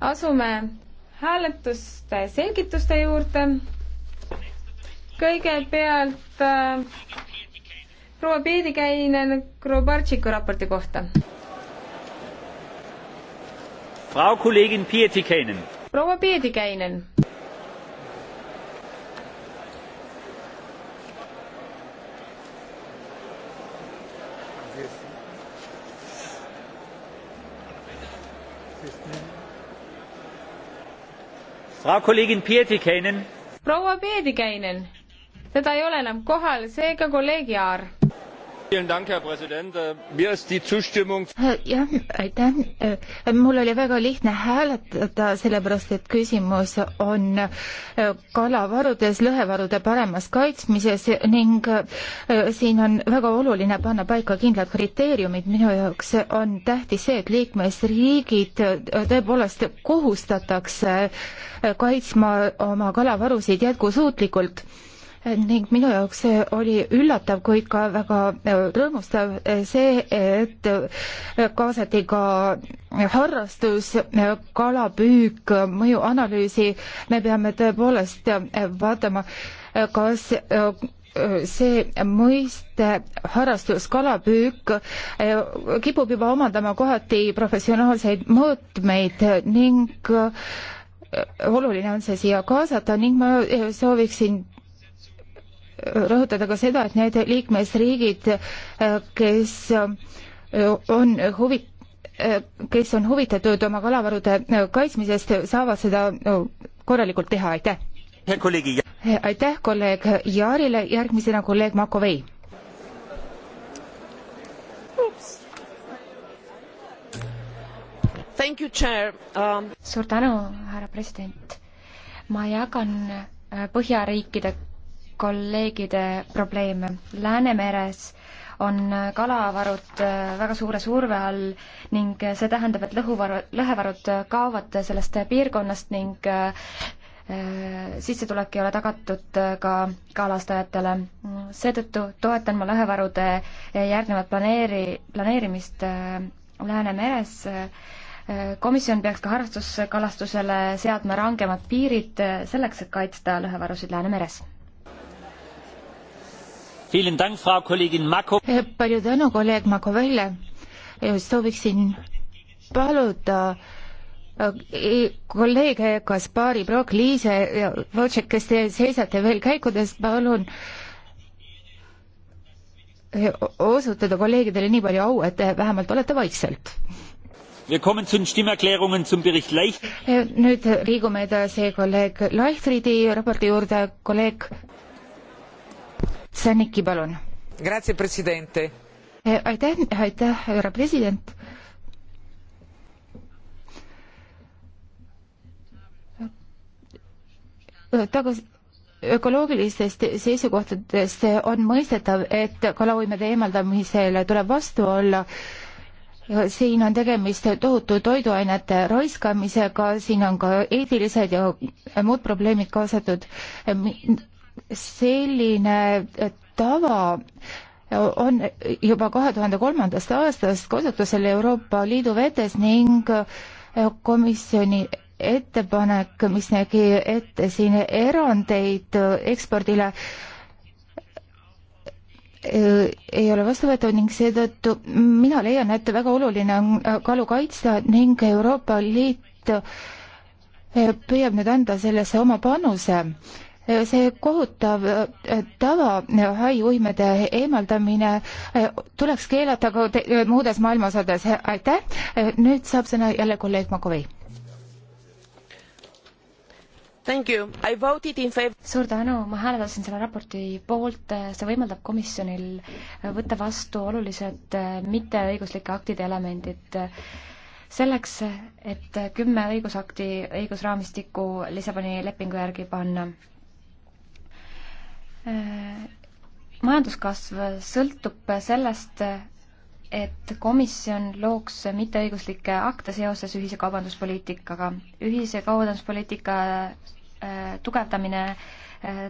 asume hääletuste selgituste juurde. kõigepealt äh, proua Peedikäinen Grobartšiku raporti kohta. proua Peedikäinen. proua Peedikäinen proua Pietikäinen, teda ei ole enam kohal, seega kolleeg Jaar Äh, äh, jah, aitäh. Äh, mul oli väga lihtne hääletada, sellepärast et küsimus on kalavarudes, lõhevarude paremas kaitsmises ning siin on väga oluline panna paika kindlad kriteeriumid. minu jaoks on tähtis see, et liikmesriigid tõepoolest kohustatakse kaitsma oma kalavarusid jätkusuutlikult ning minu jaoks oli üllatav, kuid ka väga äh, rõõmustav äh, see, et äh, kaasati ka harrastus, kalapüük, mõjuanalüüsi, me peame tõepoolest vaatama, kas see mõiste harrastus kalapüük kipub juba omandama kohati professionaalseid mõõtmeid ning oluline on see siia kaasata ning ma sooviksin rõhutada ka seda, et need liikmesriigid, kes on huvi, kes on huvitatud oma kalavarude kaitsmisest, saavad seda korralikult teha, aitäh! aitäh kolleeg Jaarile, järgmisena kolleeg Makovei. Um... suur tänu, härra president. ma jagan äh, Põhjariikide kolleegide probleem. Läänemeres on kalavarud äh, väga suure surve all ning äh, see tähendab, et lõhuvaru, lõhevarud äh, kaovad sellest piirkonnast ning sissetulek ei ole tagatud ka kalastajatele. seetõttu toetan ma lõhevarude järgnevat planeeri, planeerimist Läänemeres komisjon peaks ka harrastuskalastusele seadma rangemad piirid selleks, et kaitsta lõhevarusid Läänemeres Eh, palju tänu kolleeg Makovele, eh, sooviksin paluda eh, kolleeg Kaspari, Brock Liise ja Wojciech, kes te seisate veel käikudes, palun osutada kolleegidele nii palju au, et te vähemalt olete vaikselt. nüüd liigume edasi kolleeg Leichtridi raporti juurde, kolleeg Saniki, palun. Eh, aitäh, aitäh, härra president. tagasi ökoloogilistest seisukohtadest on mõistetav, et kalauimede eemaldamisele tuleb vastu olla. siin on tegemist tohutu toiduainete raiskamisega, siin on ka eetilised ja muud probleemid kaasatud selline tava on juba kahe tuhande kolmandast aastast kasutusel Euroopa Liidu vetes ning komisjoni ettepanek, mis nägi ette siin erandeid ekspordile, ei ole vastuvõetav ning seetõttu mina leian, et väga oluline on kalu kaitsta ning Euroopa Liit püüab nüüd anda sellesse oma panuse see kohutav äh, tava, äh, haiuimede eemaldamine äh, tuleks keelata ka muudes maailmaosades. aitäh, nüüd saab sõna jälle kolleeg Makovei. suur tänu, ma hääletasin selle raporti poolt, see võimaldab komisjonil võtta vastu olulised mitteõiguslike aktide elemendid selleks, et kümme õigusakti õigusraamistiku Lissaboni lepingu järgi panna majanduskasv sõltub sellest, et komisjon looks mitteõiguslikke akte seoses ühise kaubanduspoliitikaga. ühise kaubanduspoliitika äh, tugevdamine äh,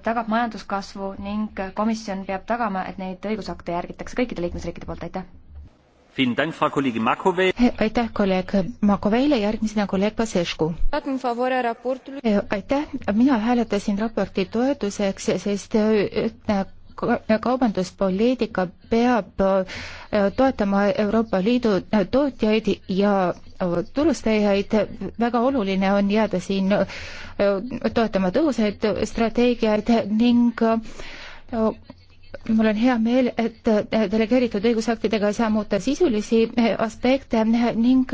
tagab majanduskasvu ning komisjon peab tagama, et neid õigusakte järgitakse kõikide liikmesriikide poolt, aitäh! aitäh kolleeg Makoveile, järgmisena kolleeg Pasescu. aitäh, mina hääletasin raporti toetuseks, sest äh, kaubanduspoliitika peab äh, toetama Euroopa Liidu äh, tootjaid ja turustajaid, väga oluline on jääda siin toetama tõhusaid strateegiaid ning mul on hea meel, et äh, delegeeritud õigusaktidega ei saa muuta sisulisi äh, aspekte äh, ning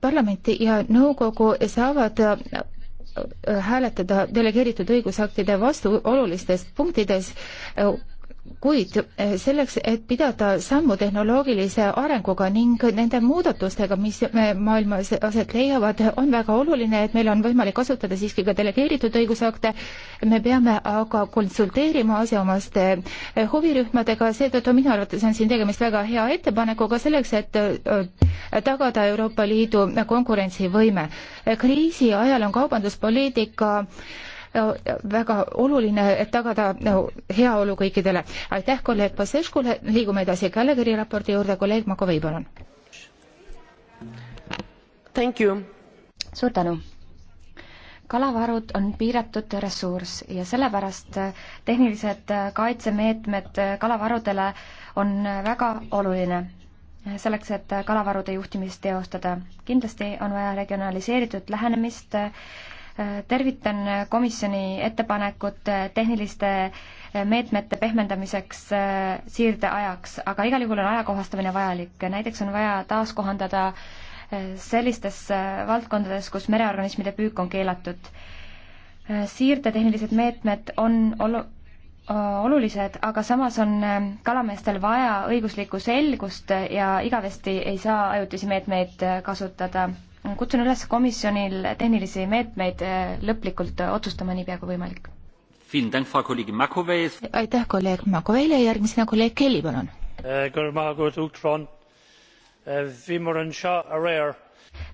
parlamenti ja nõukogu saavad hääletada delegeeritud õigusaktide vastu olulistes punktides kuid eh, selleks, et pidada sammu tehnoloogilise arenguga ning nende muudatustega, mis eh, maailmas aset leiavad, on väga oluline, et meil on võimalik kasutada siiski ka delegeeritud õigusakte. me peame aga konsulteerima asjaomaste eh, huvirühmadega, seetõttu minu arvates on siin tegemist väga hea ettepanekuga selleks, et tagada Euroopa Liidu konkurentsivõime. kriisi ajal on kaubanduspoliitika väga oluline, et tagada heaolu kõikidele. aitäh kolleeg Paseskule, liigume edasi Kallegeri raporti juurde, kolleeg Makovei, palun. suur tänu kalavarud on piiratud ressurss ja sellepärast tehnilised kaitsemeetmed kalavarudele on väga oluline selleks, et kalavarude juhtimist teostada. kindlasti on vaja regionaliseeritud lähenemist tervitan komisjoni ettepanekut tehniliste meetmete pehmendamiseks äh, siirdeajaks, aga igal juhul on ajakohastamine vajalik, näiteks on vaja taaskohandada äh, sellistes äh, valdkondades, kus mereorganismide püük on keelatud. siirdetehnilised meetmed on olu-, olulised, aga samas on kalameestel vaja õiguslikku selgust ja igavesti ei saa ajutisi meetmeid kasutada kutsun üles komisjonil tehnilisi meetmeid äh, lõplikult äh, otsustama niipea kui võimalik. aitäh kolleeg Makoveile, järgmisena kolleeg Kelly, palun. Äh,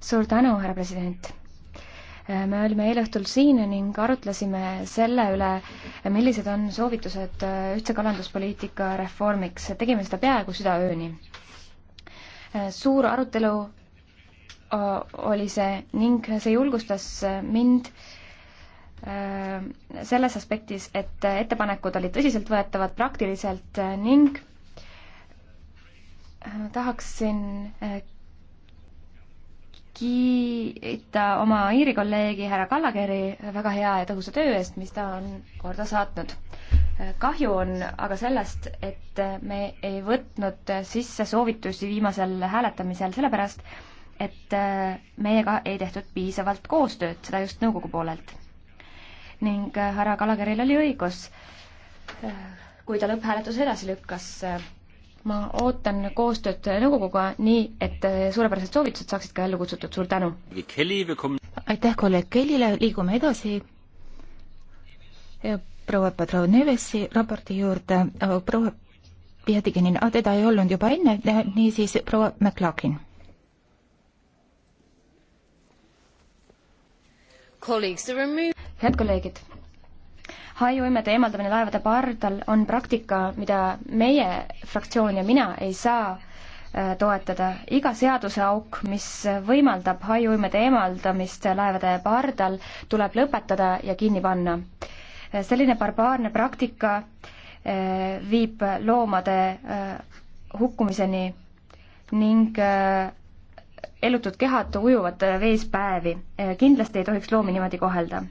suur tänu, härra president me olime eile õhtul siin ning arutlesime selle üle, millised on soovitused ühtse kalanduspoliitika reformiks. tegime seda peaaegu südaööni. suur arutelu oli see ning see julgustas mind äh, selles aspektis, et ettepanekud olid tõsiseltvõetavad praktiliselt ning äh, tahaksin äh, kiita oma Iiri kolleegi härra Kallageri väga hea ja tõhusa töö eest, mis ta on korda saatnud. kahju on aga sellest, et me ei võtnud sisse soovitusi viimasel hääletamisel, sellepärast et äh, meiega ei tehtud piisavalt koostööd, seda just nõukogu poolelt. ning äh, härra Kalakeril oli õigus, äh, kui ta lõpphääletuse edasi lükkas. ma ootan koostööd nõukoguga nii, et suurepärased soovitused saaksid ka ellu kutsutud, suur tänu! aitäh kolleeg Kellile, liigume edasi proua Padrov Nevesi raporti juurde, proua Pihatikinina, teda ei olnud juba enne, niisiis proua McLaughlin head kolleegid, haiuimede eemaldamine laevade pardal on praktika, mida meie fraktsioon ja mina ei saa äh, toetada. iga seaduseauk, mis võimaldab haiuimede eemaldamist laevade pardal, tuleb lõpetada ja kinni panna. Äh, selline barbaarne praktika äh, viib loomade hukkumiseni ning ellutud kehad ujuvad vees päevi. kindlasti ei tohiks loomi niimoodi kohelda.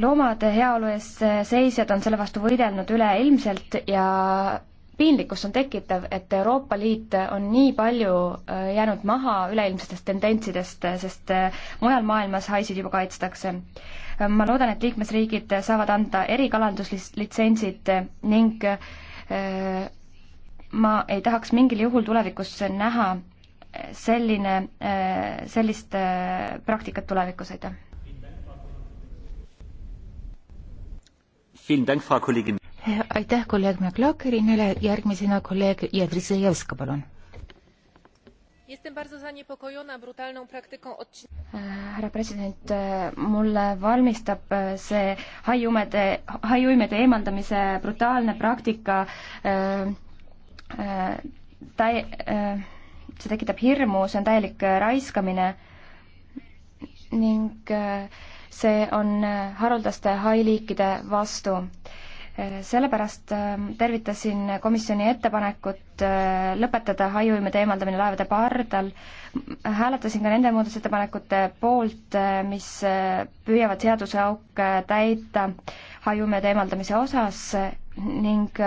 loomade heaolu eest seisjad on selle vastu võidelnud üleilmselt ja piinlikkus on tekitav, et Euroopa Liit on nii palju äh, jäänud maha üleilmsetest tendentsidest, äh, sest äh, mujal maailmas haisid juba kaitstakse. ma loodan, et liikmesriigid saavad anda erikalanduslitsentsid ning ma ei tahaks mingil juhul tulevikus näha selline, sellist äh, praktikat tulevikus, aitäh. aitäh kolleeg Maklakerile, järgmisena kolleeg Jedrisejevska, palun. Äh, härra president, äh, mulle valmistab see haiumede, haiuimede eemaldamise brutaalne praktika äh, äh, täi- äh,, see tekitab hirmu, see on täielik äh, raiskamine ning äh, see on äh, haruldaste hai-liikide vastu. sellepärast ähm, tervitasin komisjoni ettepanekut lõpetada haiuimede eemaldamine laevade pardal. hääletasin ka nende muudatusettepanekute poolt, mis püüavad seaduseauke täita haiuimede eemaldamise osas ning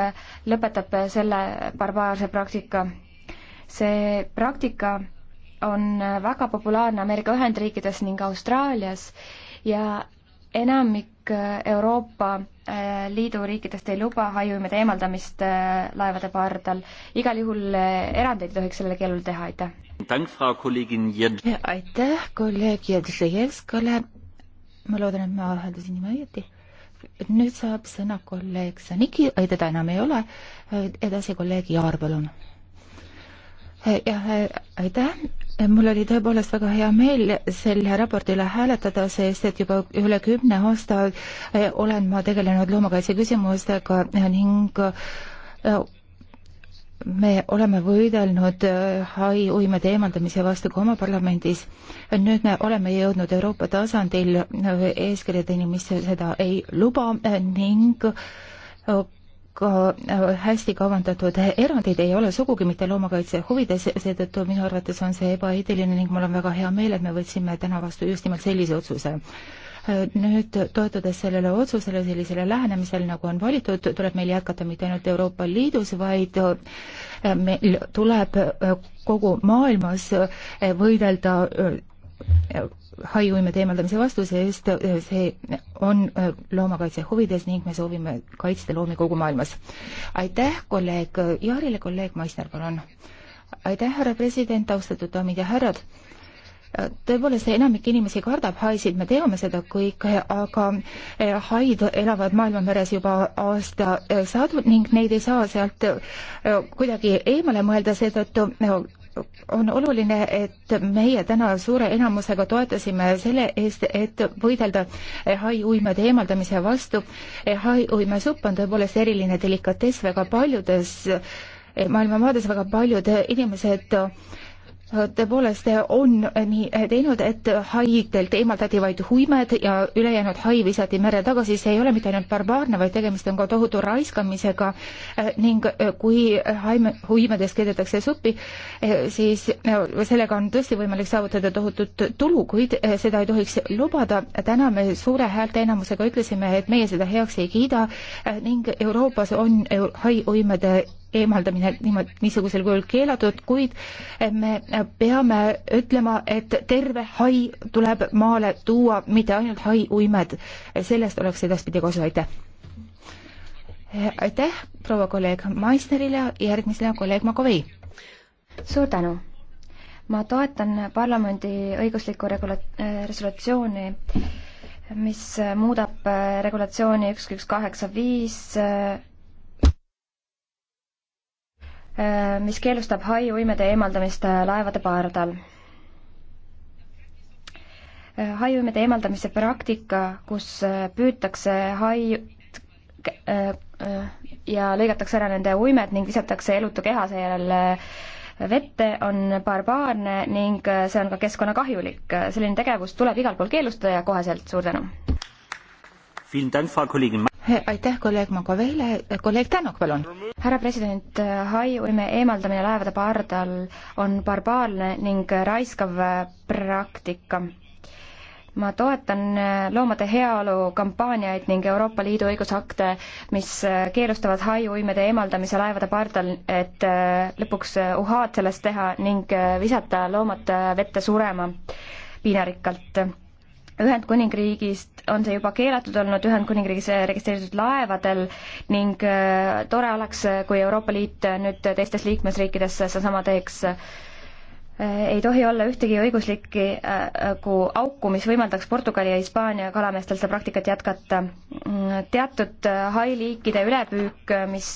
lõpetab selle barbaarse praktika see praktika on väga populaarne Ameerika Ühendriikides ning Austraalias ja enamik Euroopa äh, Liidu riikidest ei luba haiumide eemaldamist äh, laevade pardal. igal juhul äh, erandeid ei tohiks sellele keelule teha, aitäh. aitäh kolleeg Jedrzejevskale. ma loodan, et ma hääldasin nime õieti. nüüd saab sõna kolleeg Saniki, ei teda enam ei ole. edasi kolleeg Jaar, palun jah, aitäh. mul oli tõepoolest väga hea meel selle raporti üle hääletada, sest et juba üle kümne aasta eh, olen ma tegelenud loomakaitse küsimustega ning eh, me oleme võidelnud eh, hai uimede eemaldamise vastu ka oma parlamendis. nüüd me oleme jõudnud Euroopa tasandil eeskirjadeni, mis seda ei luba ning ka äh, hästi kavandatud erandid ei ole sugugi mitte loomakaitse huvides, seetõttu minu arvates on see ebaeetiline ning mul on väga hea meel, et me võtsime täna vastu just nimelt sellise otsuse. Äh, nüüd toetudes sellele otsusele, sellisele lähenemisele, nagu on valitud, tuleb meil jätkata mitte ainult Euroopa Liidus, vaid äh, meil tuleb kogu maailmas võidelda haiuimed eemaldamise vastuse eest, äh, see on äh, loomakaitse huvides ning me soovime kaitsta loomi kogu maailmas. aitäh kolleeg äh, Jaarile, kolleeg Maisner, palun. aitäh, härra president, austatud daamid ja härrad tõepoolest enamik inimesi kardab haisid, me teame seda kõike, aga haid elavad maailmameres juba aastasadu ning neid ei saa sealt kuidagi eemale mõelda, seetõttu on oluline, et meie täna suure enamusega toetasime selle eest, et võidelda hai-uimade eemaldamise vastu. hai-uimesupp on tõepoolest eriline delikatess väga paljudes maailma maades, väga paljud inimesed tõepoolest on nii teinud, et haidelt eemaldati vaid huimed ja ülejäänud hai visati mere tagasi, see ei ole mitte ainult barbaarne, vaid tegemist on ka tohutu raiskamisega ning kui haime, huimedest keedetakse suppi, siis sellega on tõesti võimalik saavutada tohutut tulu, kuid seda ei tohiks lubada. täna me suure häälteenamusega ütlesime, et meie seda heaks ei kiida ning Euroopas on hai uimede eemaldamine niimoodi, niisugusel kujul keelatud, kuid me peame ütlema, et terve hai tuleb maale tuua, mitte ainult hai uimed. sellest oleks edaspidi kasu, aitäh! aitäh proua kolleeg Maisterile, järgmisena kolleeg Makovei! suur tänu! ma toetan parlamendi õiguslikku regula-, äh, resolutsiooni mis muudab äh, regulatsiooni üks, üks kaheksa viis äh, Äh, mis keelustab hai uimede eemaldamist äh, laevade paardal. Äh, hai uimede eemaldamise praktika, kus püütakse hai ja lõigatakse ära nende uimed ning visatakse elutu keha seejärel vette, on barbaarne ning see on ka keskkonnakahjulik. selline tegevus tuleb igal pool keelustada ja koheselt, suur tänu! aitäh, kolleeg Makoveile, kolleeg Tänok, palun. härra president, haiuime eemaldamine laevade pardal on barbaarne ning raiskav praktika. ma toetan loomade heaolu kampaaniaid ning Euroopa Liidu õigusakte, mis keelustavad haiuimede eemaldamise laevade pardal, et äh, lõpuks äh, uhaad sellest teha ning äh, visata loomad vette surema piinarikkalt Ühendkuningriigist on see juba keelatud olnud Ühendkuningriigis registreeritud laevadel ning äh, tore oleks, kui Euroopa Liit nüüd teistes liikmesriikides sedasama teeks. Äh, ei tohi olla ühtegi õiguslikku äh, auku, mis võimaldaks Portugali ja Hispaania kalameestel seda praktikat jätkata. Mm, teatud hailiikide ülepüük, mis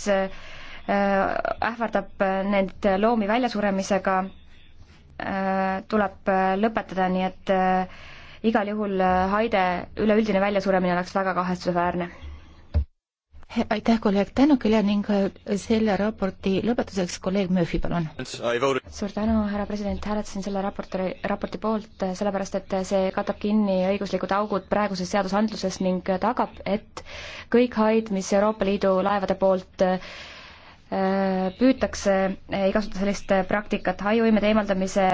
ähvardab neid loomi väljasuremisega, tuleb lõpetada, nii et äh, igal juhul äh, Haide üleüldine väljasuremine oleks väga kahetsusväärne. aitäh, kolleeg Tänukile ning äh, selle raporti lõpetuseks kolleeg Murphy, palun. suur tänu, härra president, hääletasin selle raporti, raporti poolt, äh, sellepärast et see katab kinni õiguslikud augud praeguses seadusandluses ning tagab, et kõik haid, mis Euroopa Liidu laevade poolt püütakse, ei kasuta sellist praktikat, haiuimede eemaldamise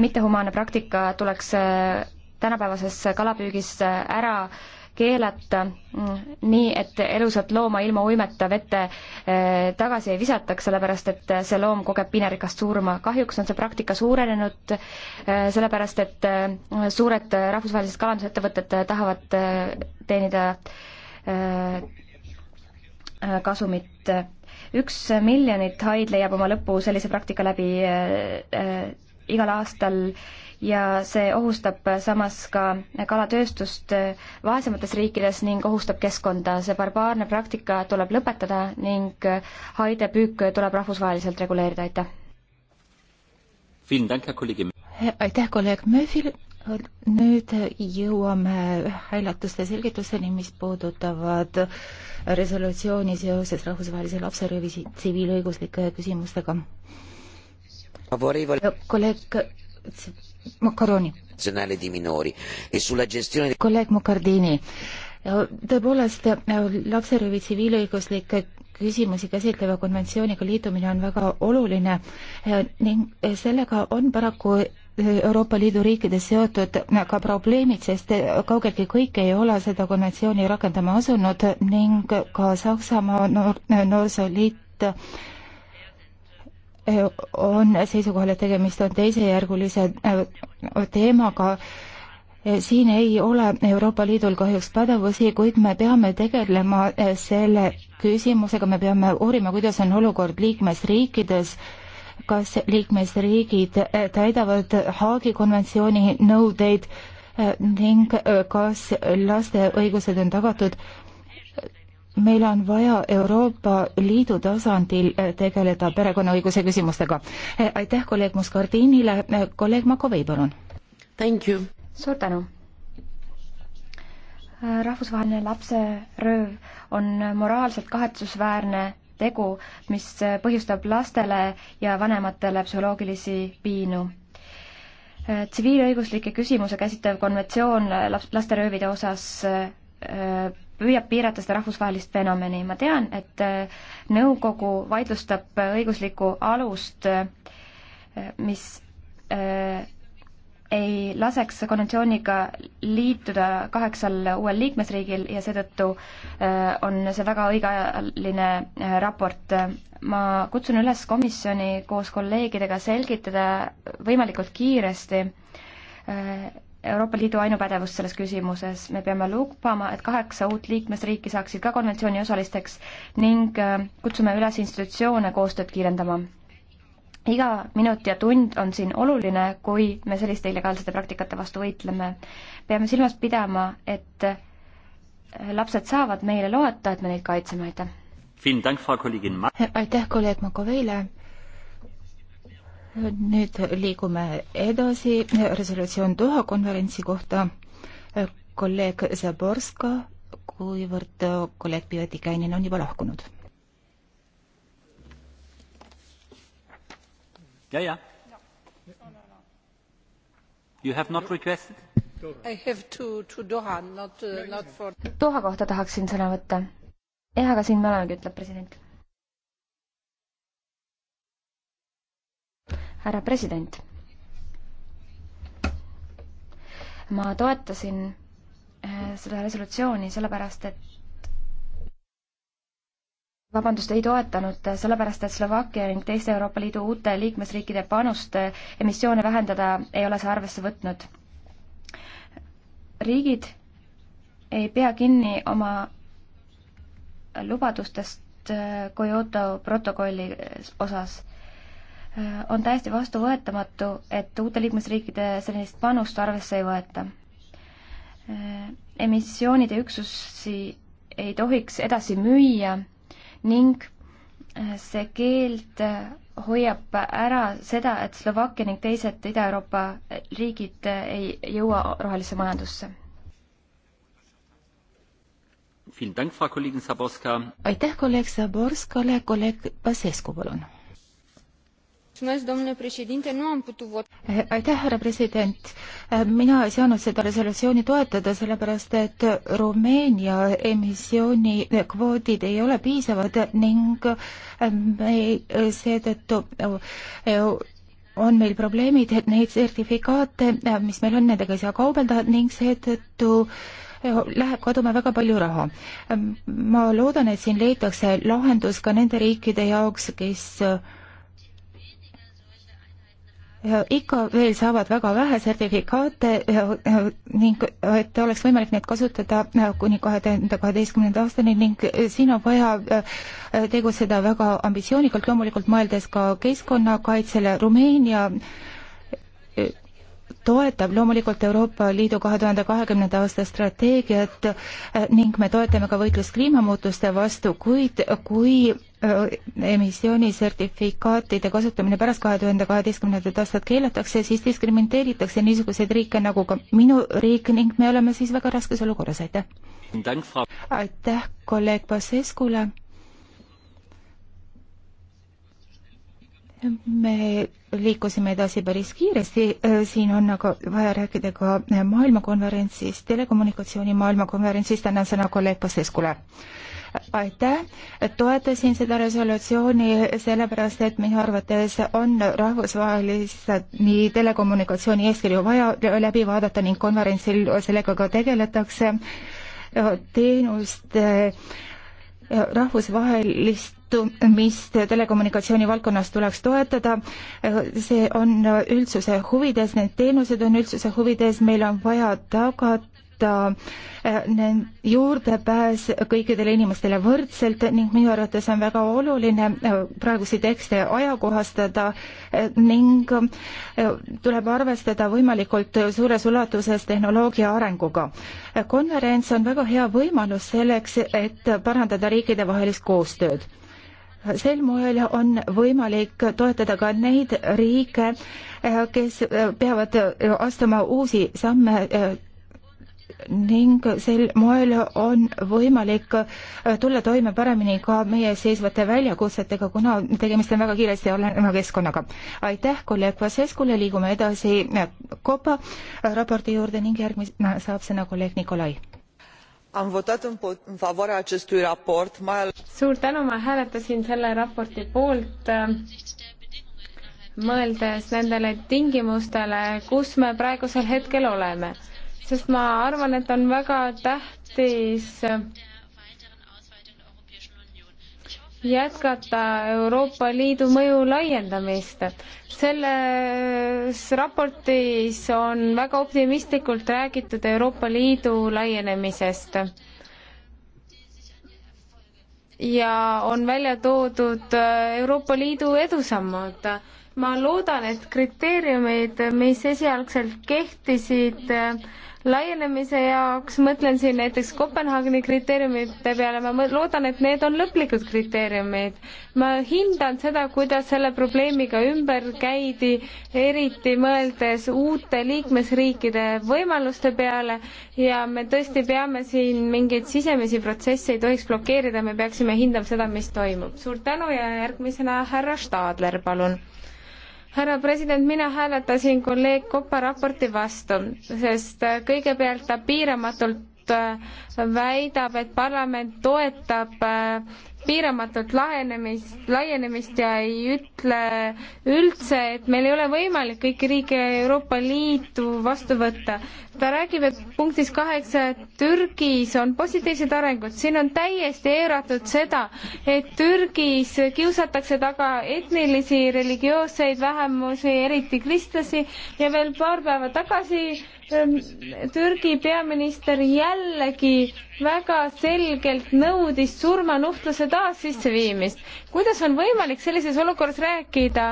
mittehumaanne praktika tuleks tänapäevasest kalapüügist ära keelata, mm, nii et elusat looma ilma uimeta vette eh, tagasi ei visataks, sellepärast et see loom kogeb piinarikast surma. kahjuks on see praktika suurenenud, eh, sellepärast et eh, suured rahvusvahelised kalandusettevõtted tahavad teenida kasumit. üks miljonit haid leiab oma lõpu sellise praktika läbi igal aastal äh, ja see ohustab samas ka kalatööstust vaesemates riikides ning ohustab keskkonda. see barbaarne praktika tuleb lõpetada ning haide püük tuleb rahvusvaheliselt reguleerida, aitäh! aitäh kolleeg Mööfil, nüüd jõuame hääletuste selgituseni, mis puudutavad resolutsiooni seoses rahvusvahelise lapseröövi tsiviilõiguslike küsimustega. kolleeg Maccaroni. nazionale di minori e sulla gestione kolleeg Mucardini, eh, tõepoolest eh, lapseröövi tsiviilõiguslikke küsimusi käsitleva konventsiooniga liitumine on väga oluline eh, ning sellega on paraku Euroopa Liidu riikides seotud ka probleemid, sest kaugeltki kõik ei ole seda konventsiooni rakendama asunud ning ka Saksamaa noor, noorsooliit on seisukohal, et tegemist on teisejärgulise äh, teemaga. siin ei ole Euroopa Liidul kahjuks pädevusi, kuid me peame tegelema äh, selle küsimusega, me peame uurima, kuidas on olukord liikmesriikides, kas liikmesriigid äh, täidavad Haagi konventsiooni nõudeid ning kas laste õigused on tagatud meil on vaja Euroopa Liidu tasandil eh, tegeleda perekonnaõiguse küsimustega. Eh, aitäh kolleeg Muscardinile, eh, kolleeg Makovei, palun. suur tänu. rahvusvaheline lapserööv on moraalselt kahetsusväärne tegu, mis põhjustab lastele ja vanematele psühholoogilisi piinu tsiviilõiguslikke küsimusi käsitlev konventsioon laps, lasteröövide osas püüab piirata seda rahvusvahelist fenomeni. ma tean, et äh, nõukogu vaidlustab äh, õiguslikku alust, äh, mis ei laseks konventsiooniga liituda kaheksal uuel liikmesriigil ja seetõttu on see väga õigeajaline raport. ma kutsun üles komisjoni koos kolleegidega selgitada võimalikult kiiresti Euroopa Liidu ainupädevust selles küsimuses. me peame lubama, et kaheksa uut liikmesriiki saaksid ka konventsiooni osalisteks ning äh, kutsume üles institutsioone koostööd kiirendama. iga minut ja tund on siin oluline, kui me selliste illegaalsete praktikate vastu võitleme. peame silmas pidama, et äh, lapsed saavad meile loota, et me neid kaitseme, aitäh! aitäh kolleeg Makoveile! nüüd liigume edasi resolutsioon Doha konverentsi kohta. kolleeg Zaborska, kuivõrd kolleeg Pietikäinen on juba lahkunud. ja, ja. You have not requested? I have to, to Doha, not, uh, not for. Doha kohta tahaksin sõna võtta. jah, aga siin me olemegi, ütleb president härra president. ma toetasin äh, seda resolutsiooni sellepärast, et vabandust, ei toetanud äh, sellepärast, et Slovakkia ning teiste Euroopa Liidu uute liikmesriikide panust äh, emissioone vähendada ei ole see arvesse võtnud. riigid ei pea kinni oma lubadustest Kyoto protokolli osas Äh, on täiesti vastuvõetamatu, et uute liikmesriikide sellist panust arvesse ei võeta. Äh, emissioonide üksusi ei tohiks edasi müüa ning äh, see keeld hoiab ära seda, et Slovakkia ning teised Ida-Euroopa riigid ei jõua rohelisse majandusse. aitäh kolleeg Zaborskale, kolleeg Pasescu, palun Eh, aitäh, härra president. Eh, mina ei saanud seda resolutsiooni toetada, sellepärast et Rumeenia emissioonikvoodid eh, ei ole piisavad ning me seetõttu on meil probleemid, et neid sertifikaate, mis meil on, nendega ei saa kaubelda ning seetõttu läheb kaduma väga palju raha. ma loodan, et siin leitakse lahendus ka nende riikide jaoks, kes ikka veel saavad väga vähe sertifikaate ning et oleks võimalik neid kasutada kuni kahe tuhande kaheteistkümnenda aastani ning siin on vaja tegutseda väga ambitsioonikalt, loomulikult mõeldes ka keskkonnakaitsele. Rumeenia toetab loomulikult Euroopa Liidu kahe tuhande kahekümnenda aasta strateegiat äh, ning me toetame ka võitlust kliimamuutuste vastu, kuid kui äh, emissioonisertifikaatide kasutamine pärast kahe tuhande kaheteistkümnendat aastat keelatakse, siis diskrimineeritakse niisuguseid riike nagu ka minu riik ning me oleme siis väga raskes olukorras, aitäh! aitäh kolleeg Basescule! me liikusime edasi päris kiiresti, äh, siin on aga vaja rääkida ka äh, maailmakonverentsist, telekommunikatsiooni maailmakonverentsist, annan sõna kolleeg Paseskule. aitäh, toetasin seda resolutsiooni sellepärast, et minu arvates on rahvusvahelist nii telekommunikatsiooni eeskirju vaja läbi vaadata ning konverentsil sellega ka tegeletakse, teenuste äh, rahvusvahelist kohtumist telekommunikatsiooni valdkonnas tuleks toetada. see on üldsuse huvides, need teenused on üldsuse huvides, meil on vaja tagada äh, juurdepääs kõikidele inimestele võrdselt ning minu arvates on väga oluline äh, praeguseid tekste ajakohastada äh, ning tuleb arvestada võimalikult suures ulatuses tehnoloogia arenguga. konverents on väga hea võimalus selleks, et parandada riikidevahelist koostööd sel moel on võimalik toetada ka neid riike, eh, kes eh, peavad eh, astuma uusi samme ning sel moel on võimalik tulla toime paremini ka meie seisvate väljakutsetega, kuna tegemist on väga kiiresti oleneva keskkonnaga. aitäh kolleeg Vaseskule, liigume edasi COPA raporti juurde ning järgmisena saab sõna kolleeg Nikolai am votat în favoarea acestui raport mai ales suur tänu ma hääletasin selle raporti poolt äh, mõeldes nendele tingimustele kus me praegusel hetkel oleme sest ma arvan et on väga tähtis jätkata Euroopa Liidu mõju laiendamist. selles raportis on väga optimistlikult räägitud Euroopa Liidu laienemisest. ja on välja toodud Euroopa Liidu edusammud. ma loodan, et kriteeriumid, mis esialgselt kehtisid, laienemise jaoks mõtlen siin näiteks Kopenhaageni kriteeriumite peale, ma loodan, et need on lõplikud kriteeriumid. ma hindan seda, kuidas selle probleemiga ümber käidi, eriti mõeldes uute liikmesriikide võimaluste peale ja me tõesti peame siin mingeid sisemisi protsesse ei tohiks blokeerida, me peaksime hindama seda, mis toimub. suur tänu ja järgmisena härra Stadler, palun härra president, mina hääletasin kolleeg Kopa raporti vastu, sest kõigepealt ta piiramatult äh, väidab, et parlament toetab äh, piiramatut lahenemist, laienemist ja ei ütle üldse, et meil ei ole võimalik kõiki riike Euroopa Liitu vastu võtta ta räägib, et punktis kaheksa, et Türgis on positiivsed arengud, siin on täiesti eiratud seda, et Türgis kiusatakse taga etnilisi, religioosseid vähemusi, eriti kristlasi ja veel paar päeva tagasi ähm, Türgi peaminister jällegi väga selgelt nõudis surmanuhtluse taassisseviimist. kuidas on võimalik sellises olukorras rääkida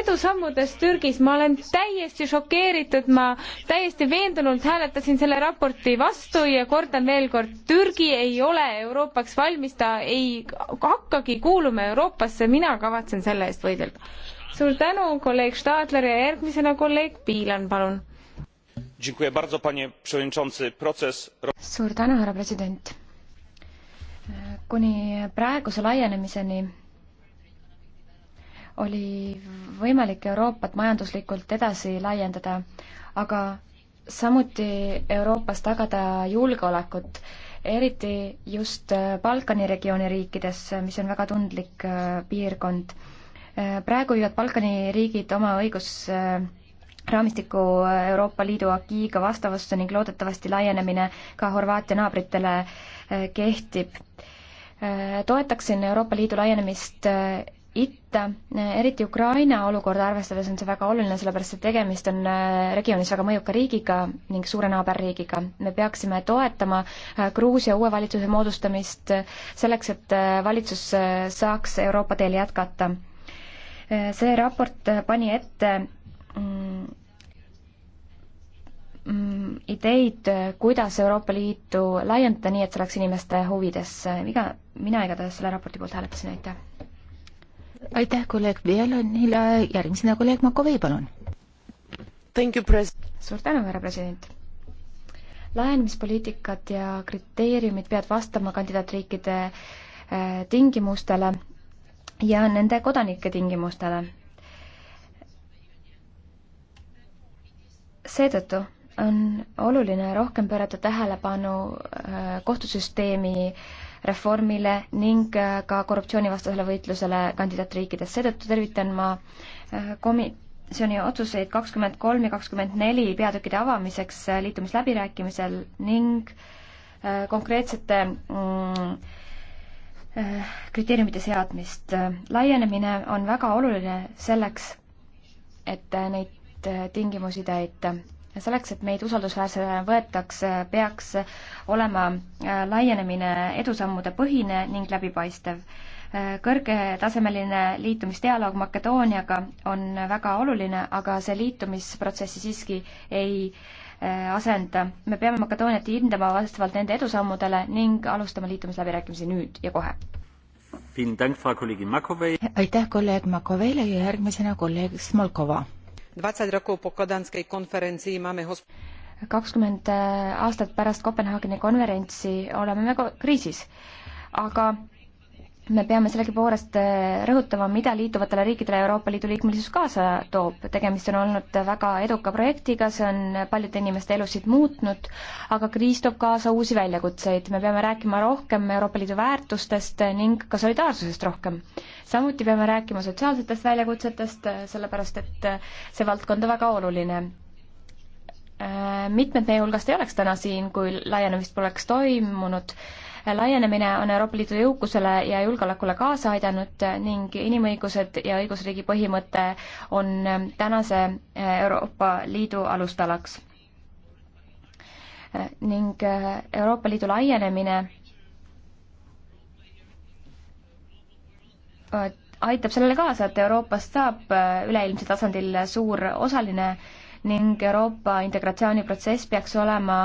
edusammudest Türgis, ma olen täiesti šokeeritud, ma täiesti veendunult hääletasin selle raporti vastu ja kordan veel kord, Türgi ei ole Euroopaks valmis, ta ei hakkagi kuuluma Euroopasse, mina kavatsen selle eest võidelda. suur tänu, kolleeg Stadler ja järgmisena kolleeg Piilan, palun. suur tänu, härra president. kuni praeguse laienemiseni oli võimalik Euroopat majanduslikult edasi laiendada, aga samuti Euroopas tagada julgeolekut, eriti just äh, Balkani regiooni riikides, mis on väga tundlik äh, piirkond. Äh, praegu viivad Balkani riigid oma õigusraamistiku Euroopa Liidu agiiga vastavusse ning loodetavasti laienemine ka Horvaatia naabritele kehtib. toetaksin Euroopa Liidu laienemist itta, eriti Ukraina olukorda arvestades on see väga oluline, sellepärast et tegemist on äh, regioonis väga mõjuka riigiga ning suure naaberriigiga. me peaksime toetama äh, Gruusia uue valitsuse moodustamist äh, selleks, et valitsus saaks Euroopa teel jätkata. see raport pani ette mm, mm, ideid, kuidas Euroopa Liitu laiendada nii, et see oleks inimeste huvides. iga, mina igatahes selle raporti poolt hääletasin, aitäh! aitäh, kolleeg Vielonile, järgmisena kolleeg Makovei, palun. suur tänu, härra president laenemispoliitikad ja kriteeriumid peavad vastama kandidaatriikide äh, tingimustele ja nende kodanike tingimustele. seetõttu on oluline rohkem pöörata tähelepanu äh, kohtusüsteemi äh, reformile ning äh, ka korruptsioonivastasele võitlusele kandidaatriikides. seetõttu tervitan ma äh, komisjoni otsuseid kakskümmend kolm ja kakskümmend neli peatükkide avamiseks äh, liitumisläbirääkimisel ning konkreetsete mm, kriteeriumite seadmist. laienemine on väga oluline selleks, et neid tingimusi täita selleks, et meid usaldusväärsena võetaks, peaks olema äh, laienemine edusammude põhine ning läbipaistev. Äh, kõrgetasemeline liitumisdialoog Makedooniaga on väga oluline, aga see liitumisprotsessi siiski ei äh, asenda. me peame Makedooniat hindama vastavalt nende edusammudele ning alustama liitumisläbirääkimisi nüüd ja kohe. aitäh kolleeg Makoveile ja järgmisena kolleeg Smolkova dvadsať rokov po kodanskej konferencii máme kakskümmend äh, aastat pärast Kopenhaageni konverentsi oleme me kriisis, aga me peame sellegipoolest äh, rõhutama, mida liituvatele riikidele Euroopa Liidu liikmelisus kaasa toob. tegemist on olnud väga eduka projektiga, see on paljude inimeste elusid muutnud, aga kriis toob kaasa uusi väljakutseid. me peame rääkima rohkem Euroopa Liidu väärtustest ning ka solidaarsusest rohkem. samuti peame rääkima sotsiaalsetest väljakutsetest, äh, sellepärast et äh, see valdkond on väga oluline mitmed meie hulgast ei oleks täna siin, kui laienemist poleks toimunud äh, laienemine on Euroopa Liidu jõukusele ja julgeolekule kaasa aidanud ning inimõigused ja õigusriigi põhimõte on tänase eh, Euroopa Liidu alustalaks. Eh, ning eh, Euroopa Liidu laienemine aitab sellele kaasa, et Euroopast saab üleilmsel tasandil suur osaline ning Euroopa integratsiooniprotsess peaks olema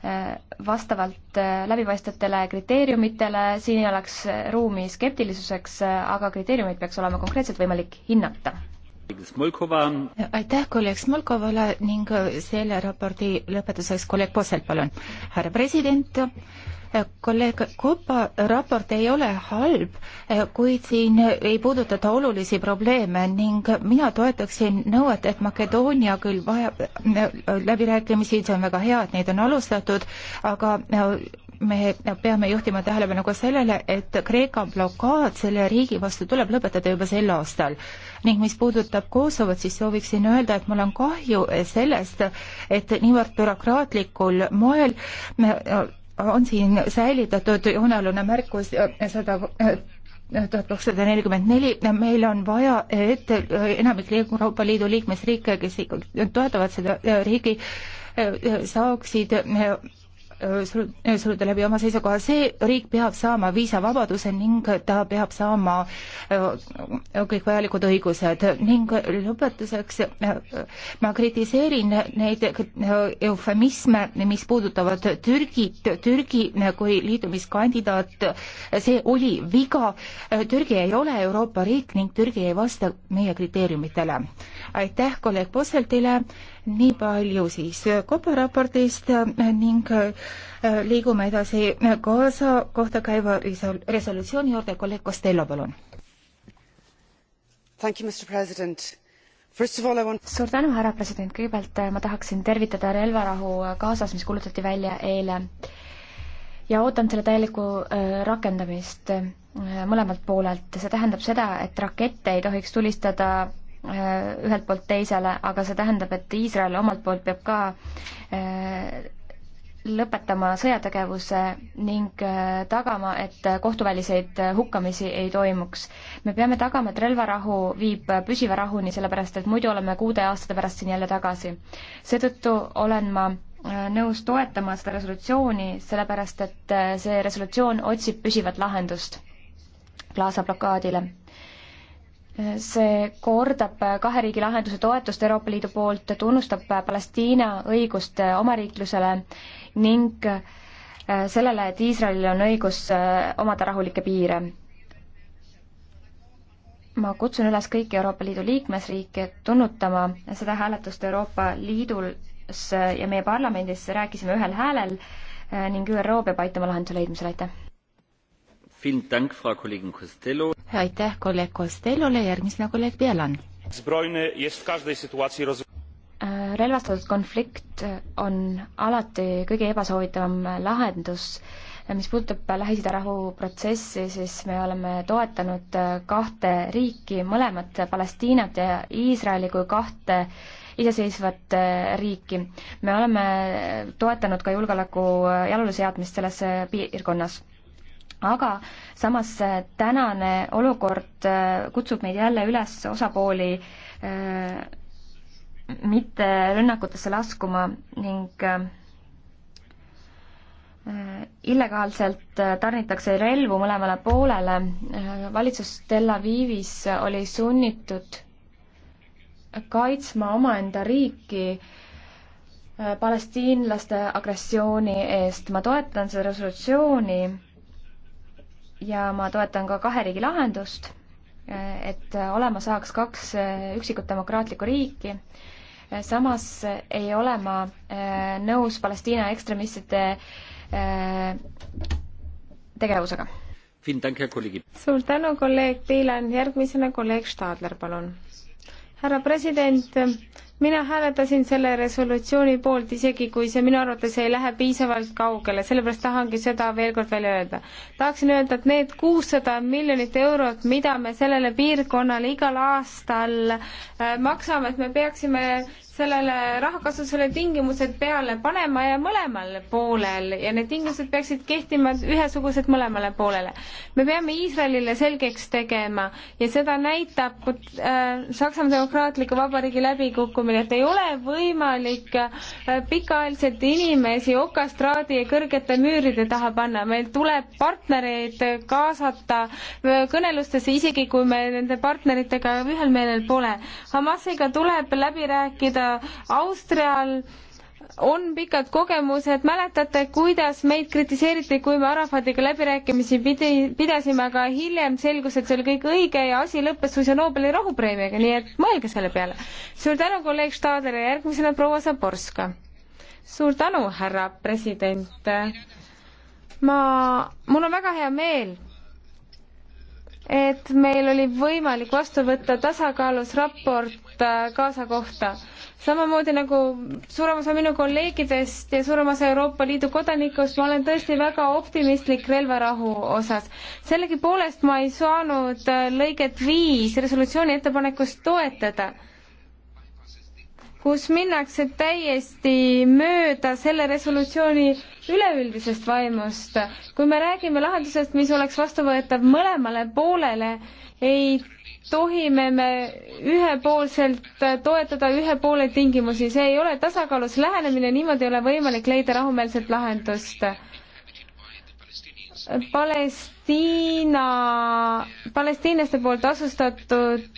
äh, vastavalt äh, läbipaistvatele kriteeriumitele, siin oleks äh, ruumi skeptilisuseks, aga kriteeriumeid peaks olema konkreetselt võimalik hinnata. aitäh kolleeg Smolkovale ning selle raporti lõpetuseks kolleeg Posselt, palun. härra president, kolleeg Kopa raport ei ole halb, eh, kuid siin ei puudutata olulisi probleeme ning mina toetaksin nõuet, et Makedoonia küll vajab läbirääkimisi, see on väga hea, et neid on alustatud, aga eh, me peame juhtima tähelepanu ka sellele, et Kreeka blokaad selle riigi vastu tuleb lõpetada juba sel aastal. ning mis puudutab Kosovot, siis sooviksin öelda, et mul on kahju sellest, et niivõrd bürokraatlikul moel me on siin säilitatud joonealune märkus äh, sada äh, tuhat kakssada nelikümmend neli, meil on vaja, et äh, enamik Euroopa Liidu liikmesriike, kes toetavad seda riigi, saaksid Äh, suruda läbi oma seisukoha, see riik peab saama viisavabaduse ning ta peab saama äh, kõik vajalikud õigused ning lõpetuseks äh, ma kritiseerin neid eufemisme, mis puudutavad Türgit, Türgi kui liidumiskandidaat, see oli viga, Türgi ei ole Euroopa riik ning Türgi ei vasta meie kriteeriumitele. aitäh kolleeg Posseltile nii palju siis koparaportist ning äh, liigume edasi Gaza kohta käiva resolutsiooni juurde. kolleeg Costello, palun. Want... suur tänu, härra president, kõigepealt äh, ma tahaksin tervitada relvarahu Gazas, äh, mis kuulutati välja eile ja ootan selle täielikku rakendamist mõlemalt poolelt. see tähendab seda, et rakette ei tohiks tulistada Äh, ühelt poolt teisele, aga see tähendab, et Iisrael omalt poolt peab ka äh, lõpetama sõjategevuse ning äh, tagama, et kohtuväliseid hukkamisi ei toimuks. me peame tagama, et relvarahu viib püsiva rahuni, sellepärast et muidu oleme kuude aastate pärast siin jälle tagasi. seetõttu olen ma nõus toetama seda resolutsiooni, sellepärast et see resolutsioon otsib püsivat lahendust Gaza blokaadile see kordab kahe riigi lahenduse toetust Euroopa Liidu poolt, tunnustab Palestiina õigust omariiklusele ning äh, sellele, et Iisraelil on õigus äh, omada rahulikke piire. ma kutsun üles kõiki Euroopa Liidu liikmesriike tunnutama seda hääletust Euroopa Liidus ja meie parlamendis rääkisime ühel häälel äh, ning ÜRO peab aitama lahenduse leidmisel, aitäh! aitäh kolleeg Costellole, järgmisena kolleeg Bielan. Äh, relvastatud konflikt on alati kõige ebasoovitavam lahendus mis puudutab Lähis-Ida rahuprotsessi, siis me oleme toetanud kahte riiki, mõlemat Palestiinat ja Iisraeli kui kahte iseseisvat riiki. me oleme toetanud ka julgeoleku jaluleseadmist selles piirkonnas aga samas äh, tänane olukord äh, kutsub meid jälle üles osapooli äh, mitte rünnakutesse laskuma ning illegaalselt tarnitakse relvu mõlemale poolele. valitsus Tel Avivis oli sunnitud kaitsma omaenda riiki palestiinlaste agressiooni eest. ma toetan seda resolutsiooni ja ma toetan ka kahe riigi lahendust, et olema saaks kaks üksikut demokraatlikku riiki. samas ei ole ma eh, nõus Palestiina ekstremistide eh, tegevusega. suur tänu, kolleeg Tiilan, järgmisena kolleeg Stadler, palun. härra president, mina hääletasin selle resolutsiooni poolt, isegi kui see minu arvates ei lähe piisavalt kaugele, sellepärast tahangi seda veel kord välja öelda. tahaksin öelda, et need kuussada miljonit eurot, mida me sellele piirkonnale igal aastal äh, maksame, et me peaksime sellele rahakasutusele tingimused peale panema ja mõlemal poolel ja need tingimused peaksid kehtima ühesugused mõlemale poolele. me peame Iisraelile selgeks tegema ja seda näitab äh, Saksamaa Demokraatliku Vabariigi läbikukkumine, et ei ole võimalik äh, pikaajaliselt inimesi okastraadi ja kõrgete müüride taha panna, meil tuleb partnereid kaasata äh, kõnelustesse, isegi kui me nende partneritega ühel meelel pole. Hamasiga tuleb läbi rääkida Austrial on pikad kogemused, mäletate, kuidas meid kritiseeriti, kui me Arafatiga läbirääkimisi pidi, pidasime, aga hiljem selgus, et see oli kõik õige ja asi lõppes suisa Nobeli rahupreemiaga, nii et mõelge selle peale. suur tänu, kolleeg Stadler ja järgmisena proua Zaborska. suur tänu, härra president. ma, mul on väga hea meel, et meil oli võimalik vastu võtta tasakaalus raport äh, Gaza kohta samamoodi nagu suurem osa minu kolleegidest ja suurem osa Euroopa Liidu kodanikust, ma olen tõesti väga optimistlik relvarahu osas. sellegipoolest ma ei saanud äh, lõiget viis resolutsiooni ettepanekust toetada kus minnakse täiesti mööda selle resolutsiooni üleüldisest vaimust. kui me räägime lahendusest, mis oleks vastuvõetav mõlemale poolele, ei tohime me ühepoolselt toetada ühe poole tingimusi, see ei ole tasakaalus lähenemine, niimoodi ei ole võimalik leida rahumeelset lahendust. Palestiina, palestiinlaste poolt asustatud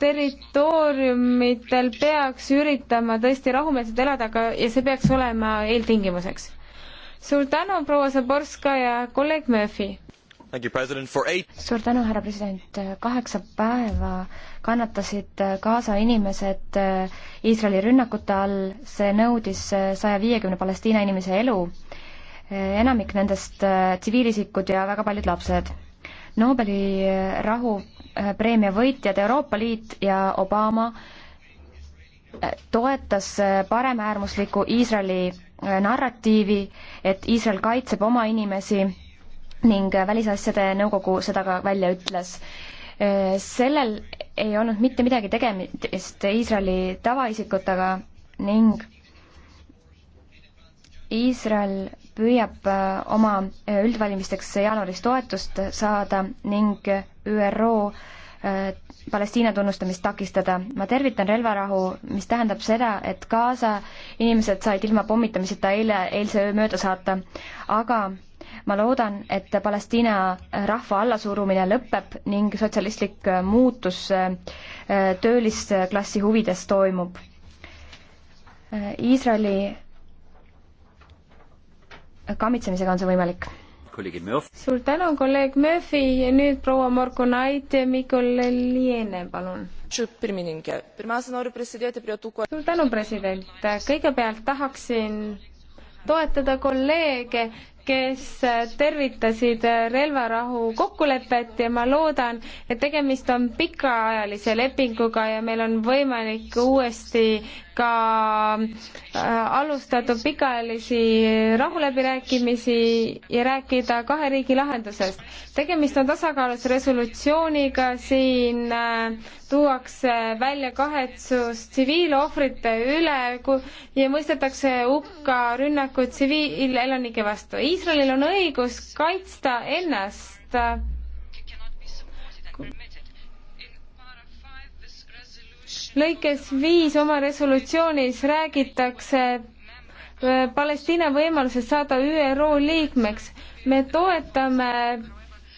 territooriumitel peaks üritama tõesti rahumeelselt elada, aga, ja see peaks olema eeltingimuseks. suur tänu, proua Zaborska ja kolleeg Murphy! suur tänu, härra president. kaheksa päeva kannatasid Gaza inimesed eh, Iisraeli rünnakute all, see nõudis eh, saja viiekümne Palestiina inimese elu. Eh, enamik nendest tsiviilisikud ja väga paljud lapsed. Nobeli rahupreemia võitjad Euroopa Liit ja Obama toetas paremäärmusliku Iisraeli narratiivi, et Iisrael kaitseb oma inimesi ning Välisasjade Nõukogu seda ka välja ütles. sellel ei olnud mitte midagi tegemist Iisraeli tavaisikutega ning Iisrael püüab äh, oma äh, üldvalimisteks jaanuaris toetust saada ning ÜRO äh, Palestiina tunnustamist takistada. ma tervitan relvarahu, mis tähendab seda, et Gaza inimesed said ilma pommitamiseta eile, eilse öö mööda saata, aga ma loodan, et Palestiina rahva allasurumine lõpeb ning sotsialistlik muutus äh, töölisklassi huvides toimub. Äh, Iisraeli kammitsemisega on see võimalik. suur tänu, kolleeg Murphy ja nüüd proua Marko Nait ja Mikol Liene, palun suur tänu president kõigepealt tahaksin toetada kolleege kes tervitasid relvarahu kokkulepet ja ma loodan, et tegemist on pikaajalise lepinguga ja meil on võimalik uuesti ka äh, alustatud pikaajalisi rahuläbirääkimisi ja rääkida kahe riigi lahendusest. tegemist on tasakaalus resolutsiooniga, siin äh, tuuakse välja kahetsus tsiviilohvrite üle ja mõistetakse hukka rünnakud tsiviilelanike vastu. Iisraelil on õigus kaitsta ennast äh, lõikes viis oma resolutsioonis räägitakse äh, Palestiina võimalusest saada ÜRO liikmeks. me toetame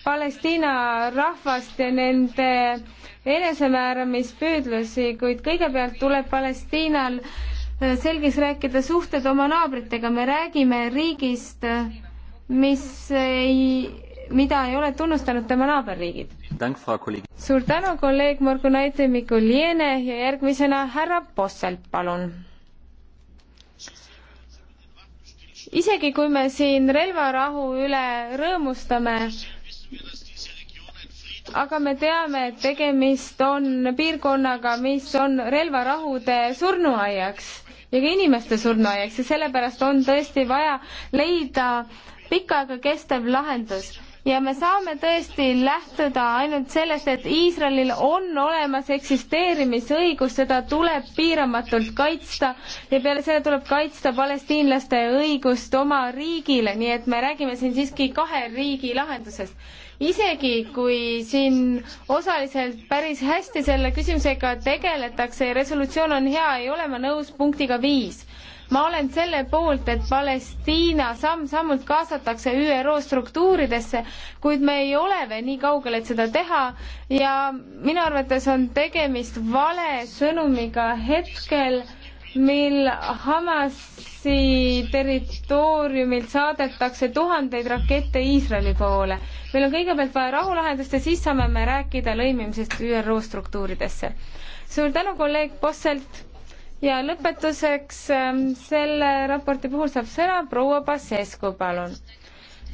Palestiina rahvast ja nende enesemääramispüüdlusi, kuid kõigepealt tuleb Palestiinal äh, selgeks rääkida suhted oma naabritega, me räägime riigist, mis ei mida ei ole tunnustanud tema naaberriigid. suur tänu, kolleeg Morgunaite Mikuljene ja järgmisena härra Posselt, palun. isegi kui me siin relvarahu üle rõõmustame, aga me teame, et tegemist on piirkonnaga, mis on relvarahude surnuaiaks ja ka inimeste surnuaiaks ja sellepärast on tõesti vaja leida pikka aega kestev lahendus ja me saame tõesti lähtuda ainult sellest, et Iisraelil on olemas eksisteerimisõigus, seda tuleb piiramatult kaitsta ja peale selle tuleb kaitsta palestiinlaste õigust oma riigile, nii et me räägime siin siiski kahe riigi lahendusest. isegi kui siin osaliselt päris hästi selle küsimusega tegeletakse ja resolutsioon on hea, ei ole ma nõus punktiga viis ma olen selle poolt, et Palestiina samm-sammult kaasatakse ÜRO struktuuridesse, kuid me ei ole veel nii kaugel, et seda teha ja minu arvates on tegemist vale sõnumiga hetkel, mil Hamasi territooriumilt saadetakse tuhandeid rakette Iisraeli poole. meil on kõigepealt vaja rahulahendust ja siis saame me rääkida lõimimisest ÜRO struktuuridesse. suur tänu, kolleeg Posselt ja lõpetuseks ähm, selle raporti puhul saab sõna proua Pasescu, palun.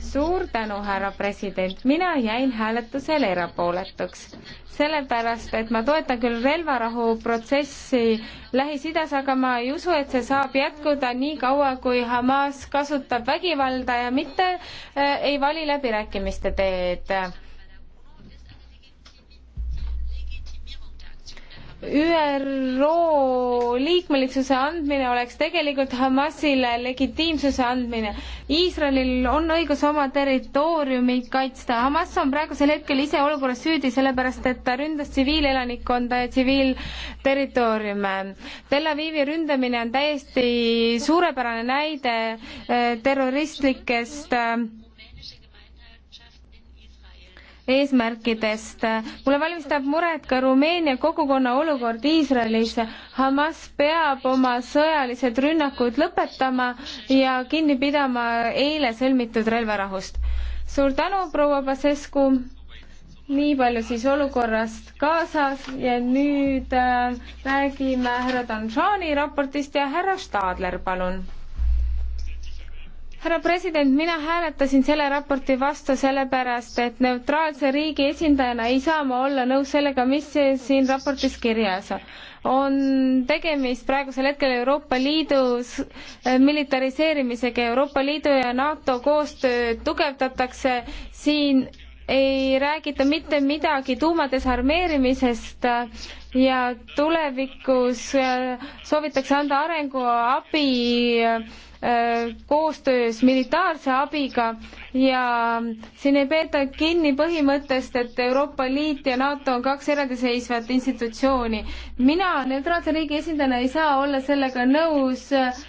suur tänu, härra president, mina jäin hääletusel erapooletuks, sellepärast et ma toetan küll relvarahuprotsessi Lähis-Idas, aga ma ei usu, et see saab jätkuda nii kaua, kui Hamas kasutab vägivalda ja mitte äh, ei vali läbirääkimiste teed ÜRO liikmelisuse andmine oleks tegelikult Hamasile legitiimsuse andmine. Iisraelil on õigus oma territooriumi kaitsta. Hamas on praegusel hetkel ise olukorras süüdi, sellepärast et ta ründas tsiviilelanikkonda ja tsiviilterritooriume. Tel Avivi ründamine on täiesti suurepärane näide eh, terroristlikest äh, eesmärkidest. mulle valmistab muret ka Rumeenia kogukonna olukord Iisraelis. Hamas peab oma sõjalised rünnakud lõpetama ja kinni pidama eile sõlmitud relvarahust. suur tänu, proua Pasescu. nii palju siis olukorrast kaasas ja nüüd äh, räägime härra Danšani raportist ja härra Stadler, palun härra president, mina hääletasin selle raporti vastu sellepärast, et neutraalse riigi esindajana ei saa ma olla nõus sellega, mis siin raportis kirjas on. on tegemist praegusel hetkel Euroopa Liidus eh, militariseerimisega, Euroopa Liidu ja NATO koostööd tugevdatakse, siin ei räägita mitte midagi tuumadesarmeerimisest eh, ja tulevikus eh, soovitakse anda arenguabi Äh, koostöös militaarse abiga ja siin ei peeta kinni põhimõttest, et Euroopa Liit ja NATO on kaks eraldiseisvat institutsiooni. mina neutraalse riigi esindajana ei saa olla sellega nõus, äh,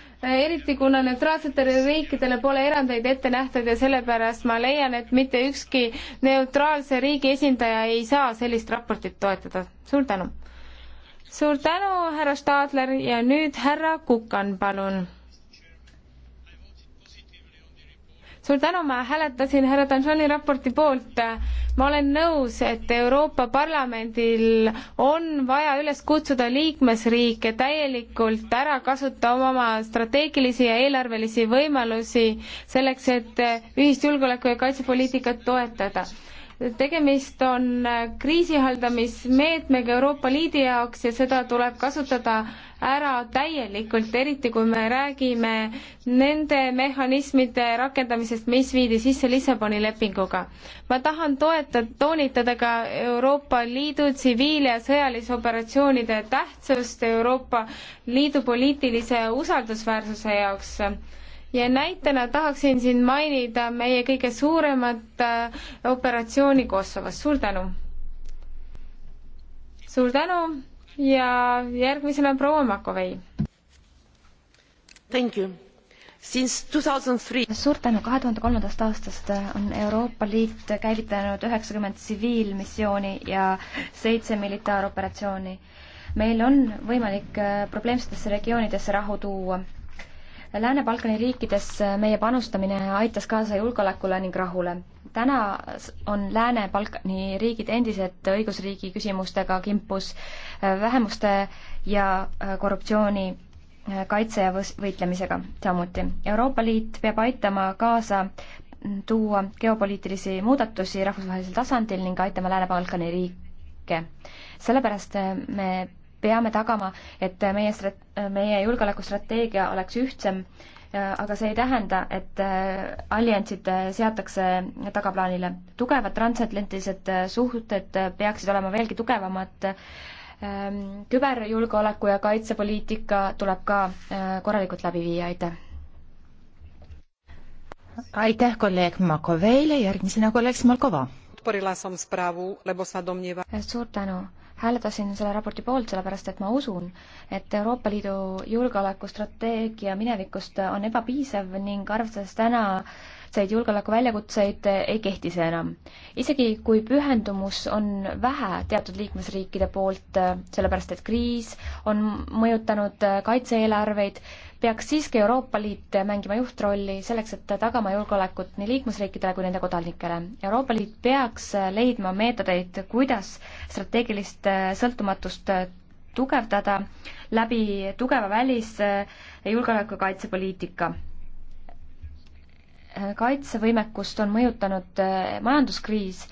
eriti kuna neutraalsetele riikidele pole erandeid ette nähtud ja sellepärast ma leian, et mitte ükski neutraalse riigi esindaja ei saa sellist raportit toetada. suur tänu! suur tänu, härra Stadler ja nüüd härra Kukan, palun suur tänu, ma hääletasin härra Danjani raporti poolt. ma olen nõus, et Euroopa Parlamendil on vaja üles kutsuda liikmesriike täielikult ära kasutama oma strateegilisi ja eelarvelisi võimalusi selleks, et ühist julgeoleku- ja kaitsepoliitikat toetada tegemist on kriisihaldamismeetmega Euroopa Liidu jaoks ja seda tuleb kasutada ära täielikult, eriti kui me räägime nende mehhanismide rakendamisest, mis viidi sisse Lissaboni lepinguga. ma tahan toeta-, toonitada ka Euroopa Liidu tsiviil- ja sõjalisoperatsioonide tähtsust Euroopa Liidu poliitilise usaldusväärsuse jaoks ja näitena tahaksin siin mainida meie kõige suuremat äh, operatsiooni Kosovos, suur tänu! suur tänu ja järgmisena proua Makovei. Thank you. Since 2003 suur tänu, kahe tuhande kolmandast aastast äh, on Euroopa Liit käivitanud üheksakümmend tsiviilmissiooni ja seitse militaaroperatsiooni. meil on võimalik äh, probleemsetesse regioonidesse rahu tuua Lääne-Balkani riikides meie panustamine aitas kaasa julgeolekule ning rahule. täna on Lääne-Balkani riigid endiselt õigusriigi küsimustega kimpus, vähemuste ja äh, korruptsiooni äh, kaitse ja võitlemisega samuti. Euroopa Liit peab aitama kaasa mm, tuua geopoliitilisi muudatusi rahvusvahelisel tasandil ning aitama Lääne-Balkani riike. sellepärast äh, me peame tagama, et meie strat-, meie julgeolekustrateegia oleks ühtsem, aga see ei tähenda, et äh, alliansid äh, seatakse tagaplaanile. tugevad transatlantilised äh, suhted peaksid olema veelgi tugevamad, ähm, küberjulgeoleku ja kaitsepoliitika tuleb ka korralikult läbi viia, aitäh! aitäh kolleeg Makoveile, järgmisena kolleeg Smolkova. suur tänu hääletasin selle raporti poolt, sellepärast et ma usun, et Euroopa Liidu julgeolekustrateegia minevikust on ebapiisav ning arvestades täna said julgeoleku väljakutseid, ei kehti see enam. isegi kui pühendumus on vähe teatud liikmesriikide poolt, sellepärast et kriis on mõjutanud kaitse-eelarveid, peaks siiski Euroopa Liit mängima juhtrolli selleks, et tagama julgeolekut nii liikmesriikidele kui nende kodanikele. Euroopa Liit peaks leidma meetodeid, kuidas strateegilist äh, sõltumatust äh, tugevdada läbi tugeva välis- ja äh, julgeoleku- ja kaitsepoliitika kaitsevõimekust on mõjutanud majanduskriis,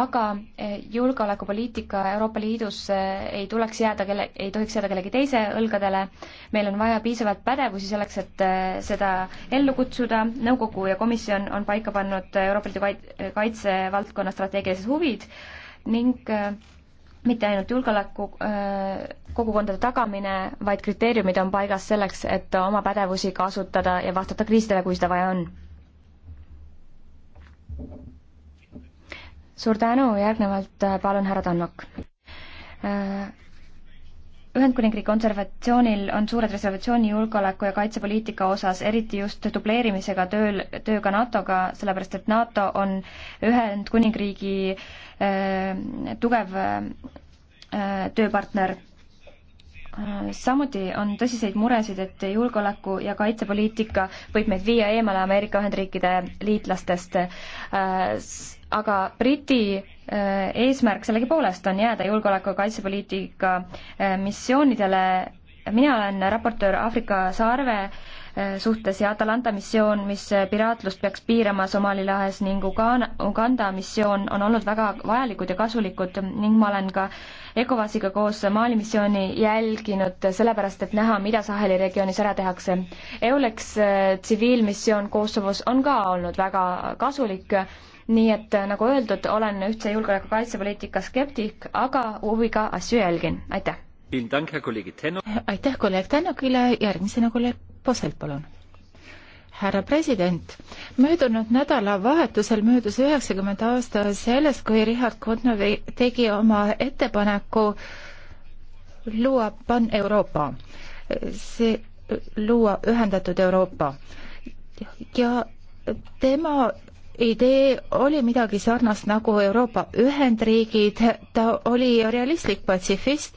aga eh, julgeolekupoliitika Euroopa Liidus eh, ei tuleks jääda kelle, ei tohiks jääda kellegi teise õlgadele. meil on vaja piisavalt pädevusi selleks, et eh, seda ellu kutsuda. nõukogu ja komisjon on paika pannud Euroopa Liidu kaitsevaldkonna strateegilised huvid ning mitte ainult julgeoleku kogukondade tagamine, vaid kriteeriumid on paigas selleks, et oma pädevusi kasutada ja vastata kriisidele, kui seda vaja on suur tänu, järgnevalt äh, palun härra Tannok. Äh, Ühendkuningriigi konservatsioonil on suured reservatsiooni julgeoleku ja kaitsepoliitika osas, eriti just dubleerimisega tööl, tööga NATO-ga, sellepärast et NATO on Ühendkuningriigi äh, tugev äh, tööpartner Äh, samuti on tõsiseid muresid, et julgeoleku- ja kaitsepoliitika võib meid viia eemale Ameerika Ühendriikide liitlastest. Äh, aga Briti äh, eesmärk sellegipoolest on jääda julgeoleku- ja kaitsepoliitika missioonidele. mina olen raportöör Aafrika saarve suhtes ja Atalanta missioon, mis piraatlust peaks piirama Somaali lahes ning Uganda missioon on olnud väga vajalikud ja kasulikud ning ma olen ka äh, ECOWASiga koos Mali missiooni jälginud, sellepärast et näha, mida Saheli regioonis ära tehakse. EULEX äh, tsiviilmissioon Kosovos on ka olnud väga kasulik nii et äh, nagu öeldud, olen ühtse julgeoleku kaitsepoliitika skeptik, aga huviga asju jälgin, aitäh! aitäh kolleeg Tänakile, järgmisena kolleeg Poselt, palun! härra president, möödunud nädalavahetusel möödus üheksakümmend aasta sellest, kui Richard Kotnovi tegi oma ettepaneku luua Pan-Euroopa, see luua ühendatud Euroopa ja tema idee oli midagi sarnast nagu Euroopa Ühendriigid, ta oli realistlik patsifist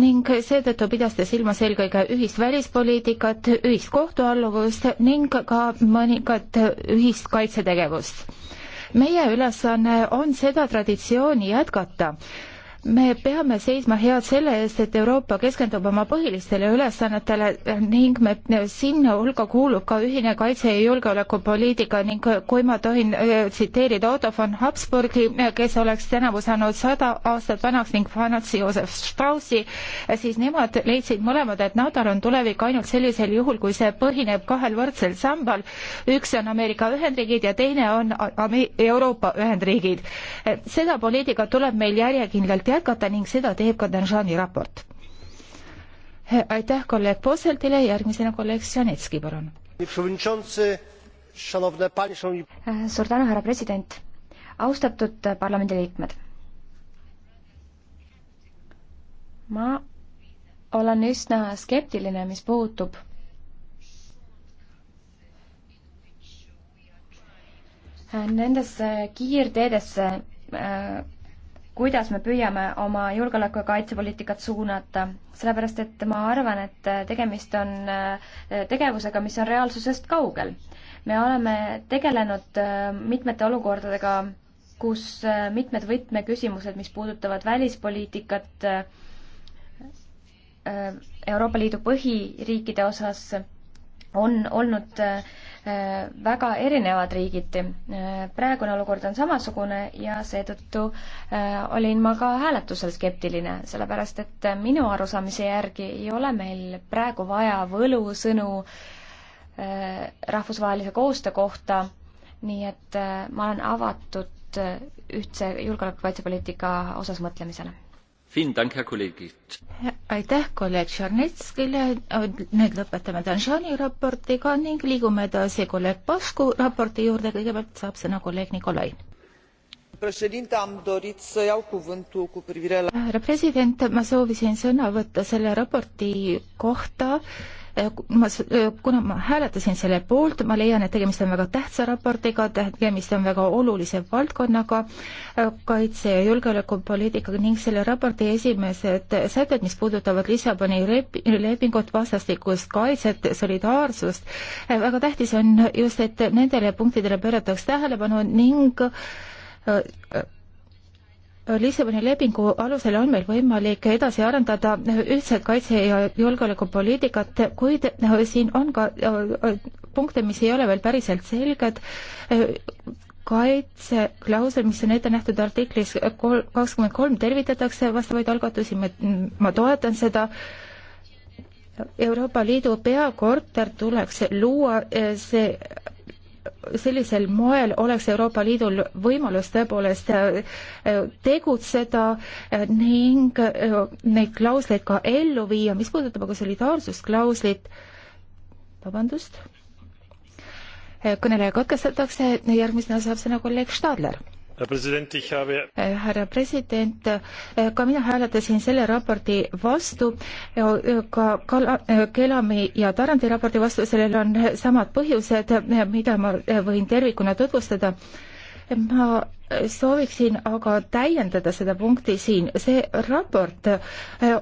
ning seetõttu pidas ta silmas eelkõige ühist välispoliitikat, ühist kohtualluvust ning ka mõningat ühist kaitsetegevust meie ülesanne on seda traditsiooni jätkata me peame seisma head selle eest, et Euroopa keskendub oma põhilistele ülesannetele ning me, sinna hulka kuulub ka ühine kaitse- ja julgeolekupoliitika ning kui ma tohin äh, tsiteerida Otto von Habsburgi, kes oleks tänavu saanud sada aastat vanaks ning Franz Josef Straussi, siis nemad leidsid mõlemad, et NATO-l on tulevik ainult sellisel juhul, kui see põhineb kahel võrdsel sambal. üks on Ameerika Ühendriigid ja teine on Euroopa Ühendriigid. seda poliitikat tuleb meil järjekindlalt jätkata ning seda teeb ka Danjani raport. aitäh kolleeg Posseltile, järgmisena kolleeg Žanetski, palun. suur tänu, härra president. austatud parlamendiliikmed. ma olen üsna skeptiline, mis puutub nendesse kiirteedesse äh, kuidas me püüame oma julgeoleku- ja kaitsepoliitikat suunata. sellepärast, et ma arvan, et tegemist on äh, tegevusega, mis on reaalsusest kaugel. me oleme tegelenud äh, mitmete olukordadega, kus äh, mitmed võtmeküsimused, mis puudutavad välispoliitikat Euroopa Liidu põhiriikide osas, on olnud äh, väga erinevad riigiti. Äh, praegune olukord on samasugune ja seetõttu äh, olin ma ka hääletusel skeptiline, sellepärast et minu arusaamise järgi ei ole meil praegu vaja võlusõnu rahvusvahelise koostöö kohta, nii et ma olen avatud ühtse julgeoleku- ja kaitsepoliitika osas mõtlemisele aitäh kolleeg Šarnetskile, nüüd lõpetame Danšani raportiga ning liigume edasi kolleeg Pasku raporti juurde, kõigepealt saab sõna kolleeg Nikolai. härra president, ma soovisin sõna võtta selle raporti kohta, Äh, ma, äh, kuna ma hääletasin selle poolt, ma leian, et tegemist on väga tähtsa raportiga, tegemist on väga olulise valdkonnaga, äh, kaitse- ja julgeolekupoliitikaga ning selle raporti esimesed sätted, mis puudutavad Lissaboni lepingut, vastastikust kaitset, solidaarsust, väga tähtis on just, et nendele punktidele pöörataks tähelepanu ning Lissaboni lepingu alusel on meil võimalik edasi arendada ühtset kaitse- ja julgeolekupoliitikat, kuid noh, siin on ka äh, punkte, mis ei ole veel päriselt selged, kaitseklausel, mis on ette nähtud artiklis kakskümmend kolm, tervitatakse vastavaid algatusi, ma toetan seda, Euroopa Liidu peakorter tuleks luua, äh, see sellisel moel oleks Euroopa Liidul võimalus tõepoolest äh, tegutseda äh, ning äh, neid klausleid ka ellu viia, mis puudutab aga solidaarsusklauslit, vabandust, kõneleja katkestatakse, järgmisena saab sõna kolleeg Stadler Äh, härra president, äh, ka mina hääletasin selle raporti vastu, äh, ka Kala, Kelami ja Tarandi raporti vastu, sellel on samad põhjused, mida ma võin tervikuna tutvustada ma sooviksin aga täiendada seda punkti siin. see raport äh,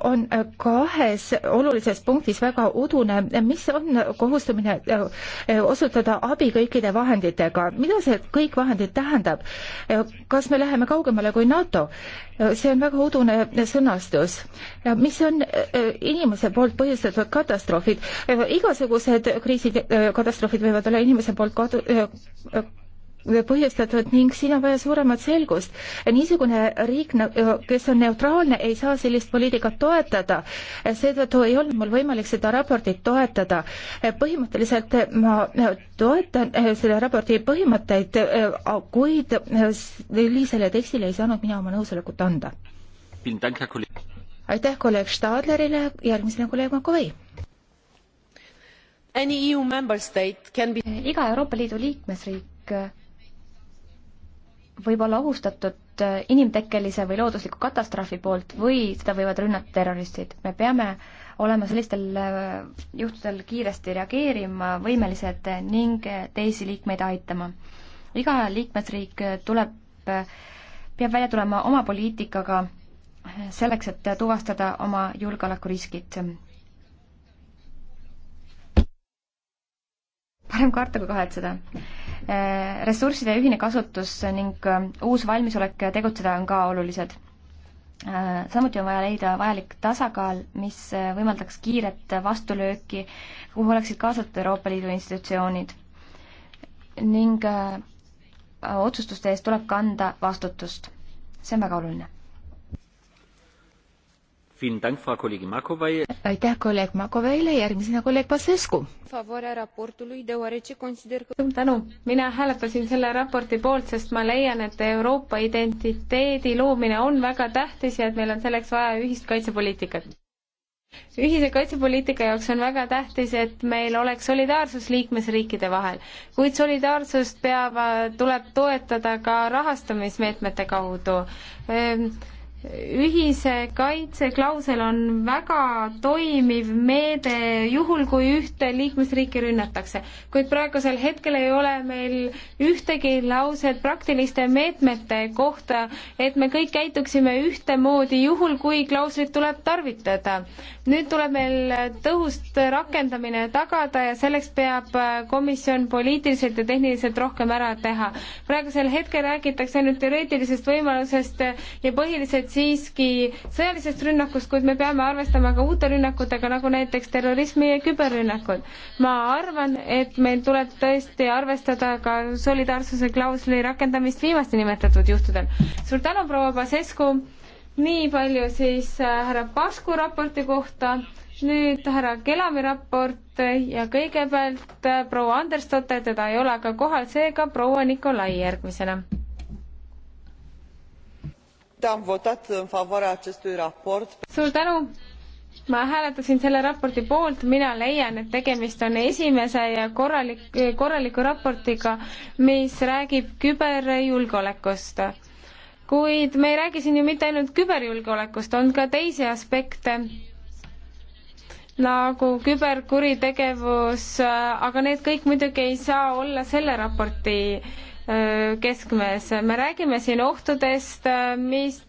on äh, kahes olulises punktis väga udune, mis on kohustumine äh, osutada abi kõikide vahenditega. mida see kõik vahendid tähendab? kas me läheme kaugemale kui NATO? see on väga udune sõnastus. mis on inimese poolt põhjustatud katastroofid? igasugused kriisid, katastroofid võivad olla inimese poolt kadu, põhjustatud ning siin on vaja suuremat selgust. niisugune riik, kes on neutraalne, ei saa sellist poliitikat toetada. seetõttu ei olnud mul võimalik seda raportit toetada. põhimõtteliselt ma toetan selle raporti põhimõtteid, kuid sellisele tekstile ei saanud mina oma nõusolekut anda. aitäh kolleeg Stadlerile, järgmisena kolleeg Makovei. E be... iga Euroopa Liidu liikmesriik võib olla ohustatud äh, inimtekkelise või loodusliku katastroofi poolt või seda võivad rünnata terroristid. me peame olema sellistel äh, juhtudel kiiresti reageerima, võimelised äh, ning teisi liikmeid aitama. iga liikmesriik tuleb, peab välja tulema oma poliitikaga selleks, et tuvastada oma julgeolekuriskid. parem karta kui kahetseda Äh, ressursside ühine kasutus ning äh, uus valmisolek tegutseda on ka olulised. Äh, samuti on vaja leida vajalik tasakaal, mis võimaldaks kiiret vastulööki, kuhu oleksid kaasatud Euroopa Liidu institutsioonid. ning otsustuste eest tuleb kanda vastutust. see on väga oluline aitäh kolleeg Makoveile, järgmisena kolleeg Pasescu. suur tänu, mina hääletasin selle raporti poolt, sest ma leian, et Euroopa identiteedi loomine on väga tähtis ja et meil on selleks vaja ühist kaitsepoliitikat ühise kaitsepoliitika jaoks on väga tähtis, et meil oleks solidaarsus liikmesriikide vahel, kuid solidaarsust peab, tuleb toetada ka rahastamismeetmete kaudu ehm, ühise kaitseklausel on väga toimiv meede juhul, kui ühte liikmesriiki rünnatakse. kuid praegusel hetkel ei ole meil ühtegi lauset praktiliste meetmete kohta, et me kõik käituksime ühtemoodi juhul, kui klauslit tuleb tarvitada. nüüd tuleb meil tõhust rakendamine tagada ja selleks peab komisjon poliitiliselt ja tehniliselt rohkem ära teha. praegusel hetkel räägitakse ainult teoreetilisest võimalusest ja põhiliselt nüüd siiski sõjalisest rünnakust, kuid me peame arvestama ka uute rünnakutega, nagu näiteks terrorismi ja küberrünnakud. ma arvan, et meil tuleb tõesti arvestada ka solidaarsuse klausli rakendamist viimasti nimetatud juhtudel. suur tänu, proua Pasescu, nii palju siis äh, härra Pasku raporti kohta nüüd härra Kelami raport ja kõigepealt äh, proua Anderstotte, teda ei ole ka kohal, seega proua Nikolai järgmisena am votat în favoarea acestui raport. suur tänu! ma hääletasin selle raporti poolt, mina leian, et tegemist on esimese ja korralik, korraliku raportiga, mis räägib küberjulgeolekust. kuid me ei räägi siin ju mitte ainult küberjulgeolekust, on ka teisi aspekte nagu küberkuritegevus, aga need kõik muidugi ei saa olla selle raporti keskmes. me räägime siin ohtudest, mis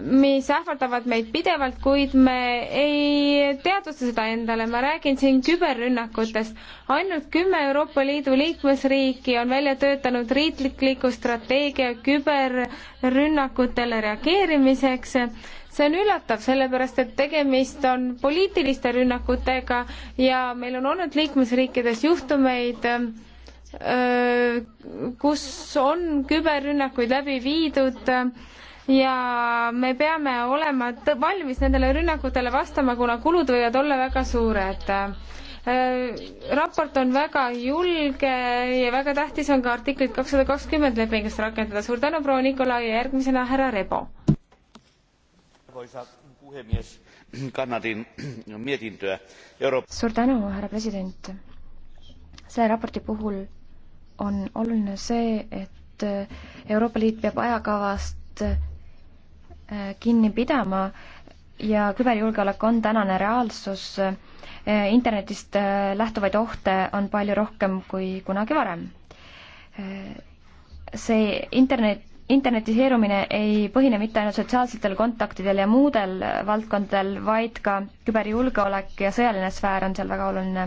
mis ähvardavad meid pidevalt, kuid me ei teadvusta seda endale, ma räägin siin küberrünnakutest. ainult kümme Euroopa Liidu liikmesriiki on välja töötanud riikliku strateegia küberrünnakutele reageerimiseks. see on üllatav, sellepärast et tegemist on poliitiliste rünnakutega ja meil on olnud liikmesriikides juhtumeid, kus on küberrünnakuid läbi viidud ja me peame olema valmis nendele rünnakutele vastama, kuna kulud võivad olla väga suured raport on väga julge ja väga tähtis on ka artiklit kakssada kakskümmend lepingust rakendada. suur tänu, proua Nikolai ja järgmisena härra Rebo. suur tänu, härra president. selle raporti puhul on oluline see, et Euroopa Liit peab ajakavast äh, kinni pidama ja küberjulgeolek on tänane reaalsus. Äh, internetist äh, lähtuvaid ohte on palju rohkem kui kunagi varem. see internet internetiseerumine ei põhine mitte ainult sotsiaalsetel kontaktidel ja muudel valdkondadel, vaid ka küberjulgeolek ja sõjaline sfäär on seal väga oluline.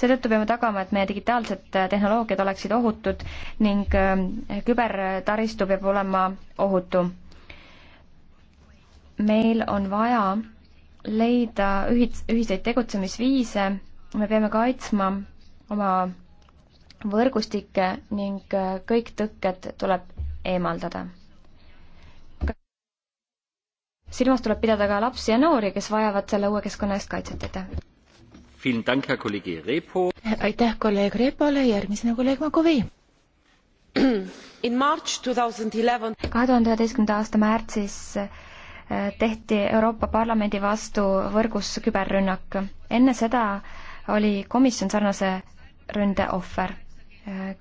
seetõttu peame tagama, et meie digitaalsed tehnoloogiad oleksid ohutud ning äh, kübertaristu peab olema ohutu. meil on vaja leida ühis, ühiseid tegutsemisviise, me peame kaitsma oma võrgustikke ning äh, kõik tõkked tuleb eemaldada. silmas tuleb pidada ka lapsi ja noori, kes vajavad selle uue keskkonna eest kaitset, aitäh! aitäh kolleeg Repole, järgmisena kolleeg Makovi! kahe tuhande üheteistkümnenda aasta märtsis eh, tehti Euroopa Parlamendi vastu võrgus küberrünnak. enne seda oli komisjon sarnase ründe ohver. Eh,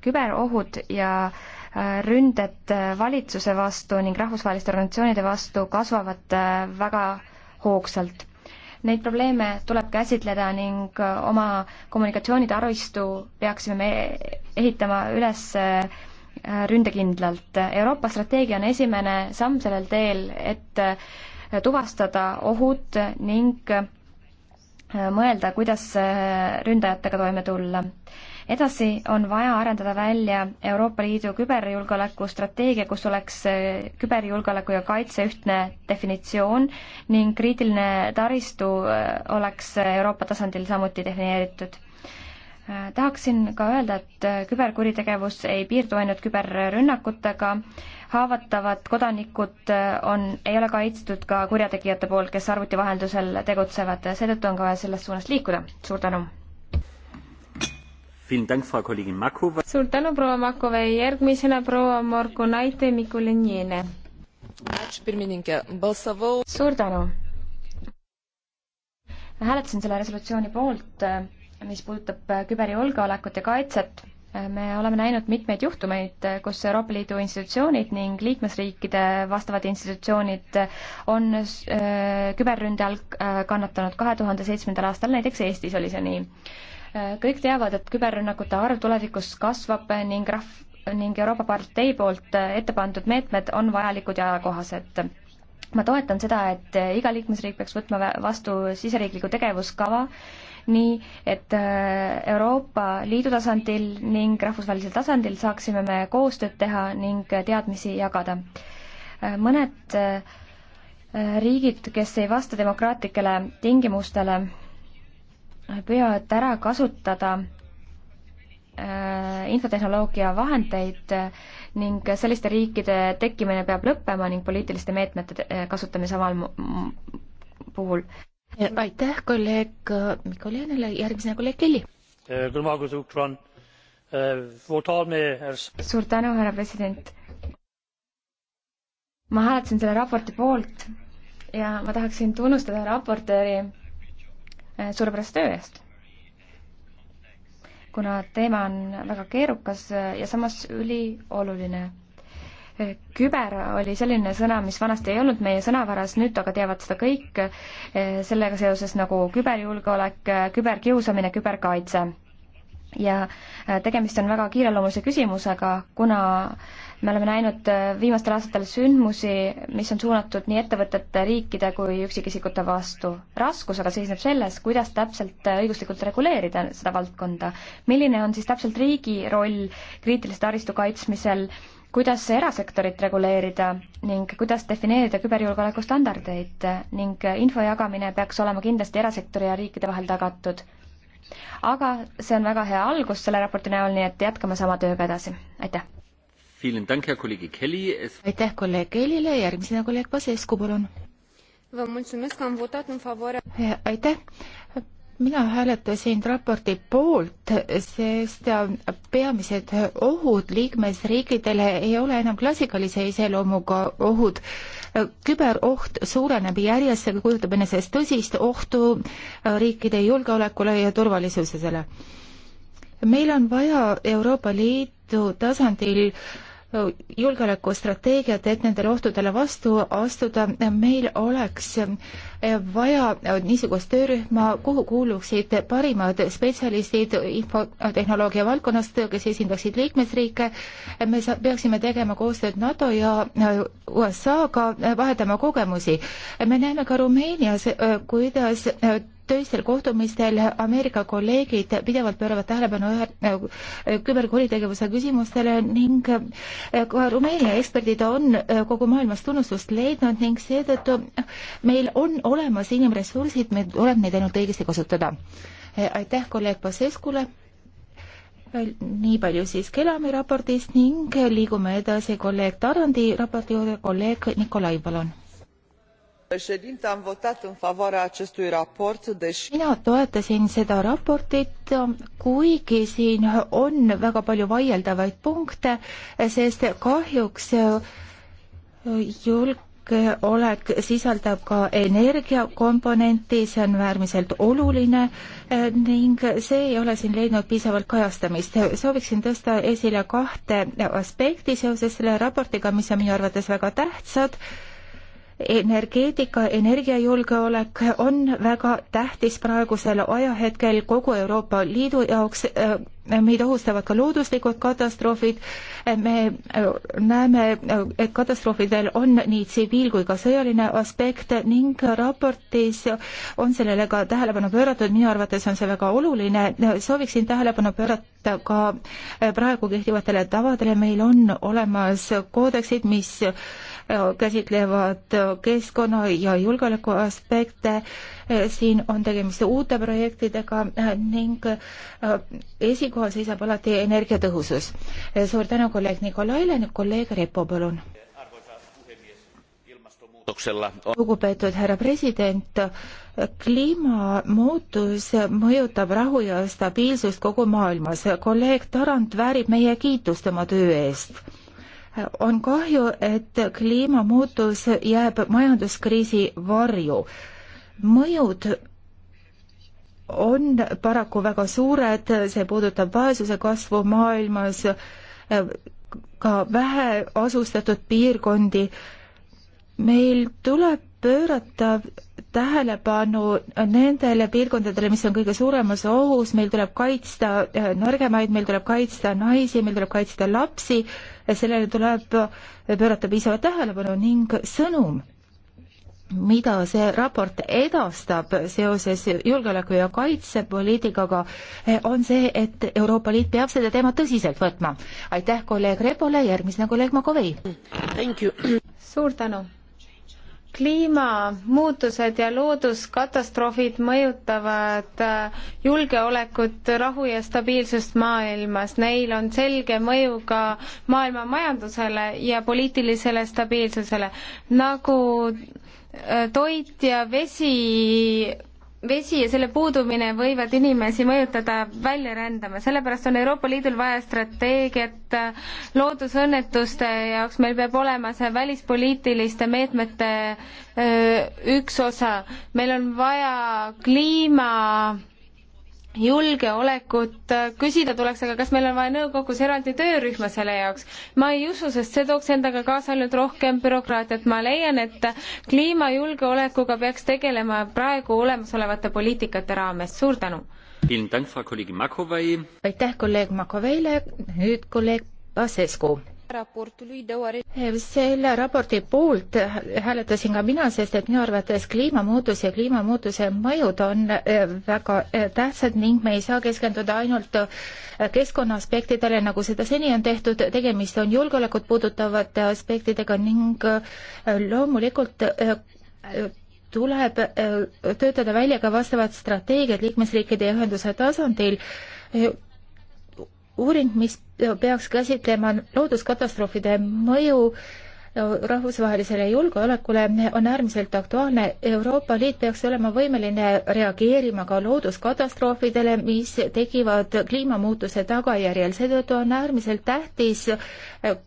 küberohud ja äh, ründed valitsuse vastu ning rahvusvaheliste organisatsioonide vastu kasvavad äh, väga hoogsalt. Neid probleeme tuleb käsitleda ning äh, oma kommunikatsioonitaristu peaksime me ehitama üles äh, ründekindlalt. Euroopa strateegia on esimene samm sellel teel, et tuvastada ohud ning mõelda, kuidas ründajatega toime tulla edasi on vaja arendada välja Euroopa Liidu küberjulgeoleku strateegia, kus oleks äh, küberjulgeoleku ja kaitse ühtne definitsioon ning kriitiline taristu äh, oleks äh, Euroopa tasandil samuti defineeritud tahaksin ka öelda, et küberkuritegevus ei piirdu ainult küberrünnakutega, haavatavad kodanikud on, ei ole kaitstud ka kurjategijate poolt, kes arvuti vahendusel tegutsevad, seetõttu on ka vaja selles suunas liikuda. suur tänu! suur tänu, proua Makovei, järgmisena proua Margo Naite Mikulinjene. suur tänu. hääletasin selle resolutsiooni poolt, mis puudutab küberjulgeolekut ja kaitset me oleme näinud mitmeid juhtumeid, kus Euroopa Liidu institutsioonid ning liikmesriikide vastavad institutsioonid on äh, küberründe all äh, kannatanud kahe tuhande seitsmendal aastal, näiteks Eestis oli see nii kõik teavad, et küberrünnakute arv tulevikus kasvab ning rahv-, ning Euroopa Partei poolt ette pandud meetmed on vajalikud ja ajakohased ma toetan seda, et iga liikmesriik peaks võtma vastu siseriikliku tegevuskava, nii et äh, Euroopa Liidu tasandil ning rahvusvahelisel tasandil saaksime me koostööd teha ning teadmisi jagada. Äh, mõned äh, riigid, kes ei vasta demokraatlikele tingimustele, püüavad ära kasutada äh, infotehnoloogia vahendeid äh, ning selliste riikide tekkimine peab lõppema ning poliitiliste meetmete äh, kasutame samal puhul. aitäh kolleeg Mikolinele, järgmisena kolleeg Lilli. suur tänu, härra president. ma hääletasin selle raporti poolt ja ma tahaksin tunnustada raportööri Äh, suurepärase töö eest! kuna teema on väga keerukas äh, ja samas ülioluline. Äh, küber oli selline sõna, mis vanasti ei olnud meie sõnavaras, nüüd aga teavad seda kõik, sellega seoses nagu küberjulgeolek, küberkiusamine, küberkaitse. ja tegemist on väga kiireloomulise küsimusega, kuna äh, me oleme näinud äh, viimastel aastatel sündmusi, mis on suunatud nii ettevõtete, riikide kui üksikisikute vastu. raskus aga seisneb selles, kuidas täpselt äh, õiguslikult reguleerida seda valdkonda. milline on siis täpselt riigi roll kriitilise taristu kaitsmisel, kuidas erasektorit reguleerida ning kuidas defineerida küberjulgeoleku standardeid ning äh, info jagamine peaks olema kindlasti erasektori ja riikide vahel tagatud. aga see on väga hea algus selle raporti näol, nii et jätkame sama tööga edasi. aitäh! aitäh kolleeg Kellile, järgmisena kolleeg Pasescu, palun. aitäh, mina hääletasin raporti poolt, sest äh, peamised ohud liikmesriikidele ei ole enam klassikalise iseloomuga ohud. küberoht suureneb järjest, see kujutab enesest tõsist ohtu äh, riikide julgeolekule ja turvalisusele. meil on vaja Euroopa Liidu tasandil äh, julgeolekustrateegiat, et nendele ohtudele vastu astuda, meil oleks vaja niisugust töörühma, kuhu kuuluksid parimad spetsialistid infotehnoloogia valdkonnast, kes esindaksid liikmesriike. me peaksime tegema koostööd NATO ja USA-ga, vahetama kogemusi. me näeme ka Rumeenias, kuidas töistel kohtumistel Ameerika kolleegid pidevalt pööravad tähelepanu ühe äh, küberkuritegevuse küsimustele ning äh, ka Rumeenia eksperdid on äh, kogu maailmas tunnustust leidnud ning seetõttu meil on olemas inimressursid, meil tuleb neid ainult õigesti kasutada. aitäh kolleeg Paseskule. nii palju siis Kelami raportist ning liigume edasi kolleeg Tarandi raporti juurde, kolleeg Nikolai, palun am votat în favoarea acestui raport deși mina toetasin seda raportit kuigi siin on väga palju vaieldavaid punkte sest kahjuks eh, julgeolek sisaldab ka energiakomponenti see on äärmiselt oluline eh, ning see ei ole siin leidnud piisavalt kajastamist sooviksin tõsta esile kahte aspekti seoses selle raportiga mis on minu arvates väga tähtsad energeetika, energiajulgeolek on väga tähtis praegusel ajahetkel kogu Euroopa Liidu jaoks. Äh, meid ohustavad ka looduslikud katastroofid. Äh, me äh, näeme, et katastroofidel on nii tsiviil kui ka sõjaline aspekt ning raportis on sellele ka tähelepanu pööratud. minu arvates on see väga oluline. sooviksin tähelepanu pöörata ka praegu kehtivatele tavadele. meil on olemas koodeksid, mis käsitlevad keskkonna ja julgeoleku aspekte. siin on tegemist uute projektidega ning äh, esikohal seisab alati energiatõhusus. suur tänu kolleeg Nikolaile, nüüd kolleeg Repo, palun. lugupeetud härra president kliimamuutus mõjutab rahu ja stabiilsust kogu maailmas. kolleeg Tarand väärib meie kiitust oma töö eest on kahju, et kliimamuutus jääb majanduskriisi varju. mõjud on paraku väga suured, see puudutab vaesuse kasvu maailmas, ka väheasustatud piirkondi. meil tuleb pöörata tähelepanu nendele piirkondadele, mis on kõige suuremas ohus, meil tuleb kaitsta äh, nõrgemaid, meil tuleb kaitsta naisi, meil tuleb kaitsta lapsi, sellele tuleb pöörata piisavalt tähelepanu ning sõnum, mida see raport edastab seoses julgeoleku- ja kaitsepoliitikaga, eh, on see, et Euroopa Liit peab seda teemat tõsiselt võtma. aitäh kolleeg Rebole, järgmisena kolleeg Makovei! suur tänu! kliimamuutused ja looduskatastroofid mõjutavad äh, julgeolekut, rahu ja stabiilsust maailmas. Neil on selge mõju ka maailma majandusele ja poliitilisele stabiilsusele. nagu äh, toit ja vesi vesi ja selle puudumine võivad inimesi mõjutada välja rändama, sellepärast on Euroopa Liidul vaja strateegiat loodusõnnetuste jaoks, meil peab olema see välispoliitiliste meetmete üks osa, meil on vaja kliima julgeolekut äh, küsida tuleks, aga kas meil on vaja nõukogus eraldi töörühma selle jaoks? ma ei usu, sest see tooks endaga kaasa ainult rohkem bürokraatiat. ma leian, et kliimajulgeolekuga peaks tegelema praegu olemasolevate poliitikate raames. suur tänu! aitäh kolleeg Makoveile, nüüd kolleeg Pasescu raportului deoarece eh, selle raporti poolt hääletasin ka mina, sest et minu arvates kliimamuutus ja kliimamuutuse mõjud on eh, väga eh, tähtsad ning me ei saa keskenduda ainult keskkonna aspektidele, nagu seda seni on tehtud, tegemist on julgeolekut puudutavate aspektidega ning loomulikult tuleb töötada välja ka vastavad strateegiad liikmesriikide ja ühenduse tasandil uuring, mis peaks käsitlema looduskatastroofide mõju rahvusvahelisele julgeolekule on äärmiselt aktuaalne. Euroopa Liit peaks olema võimeline reageerima ka looduskatastroofidele, mis tekivad kliimamuutuse tagajärjel. seetõttu on äärmiselt tähtis äh,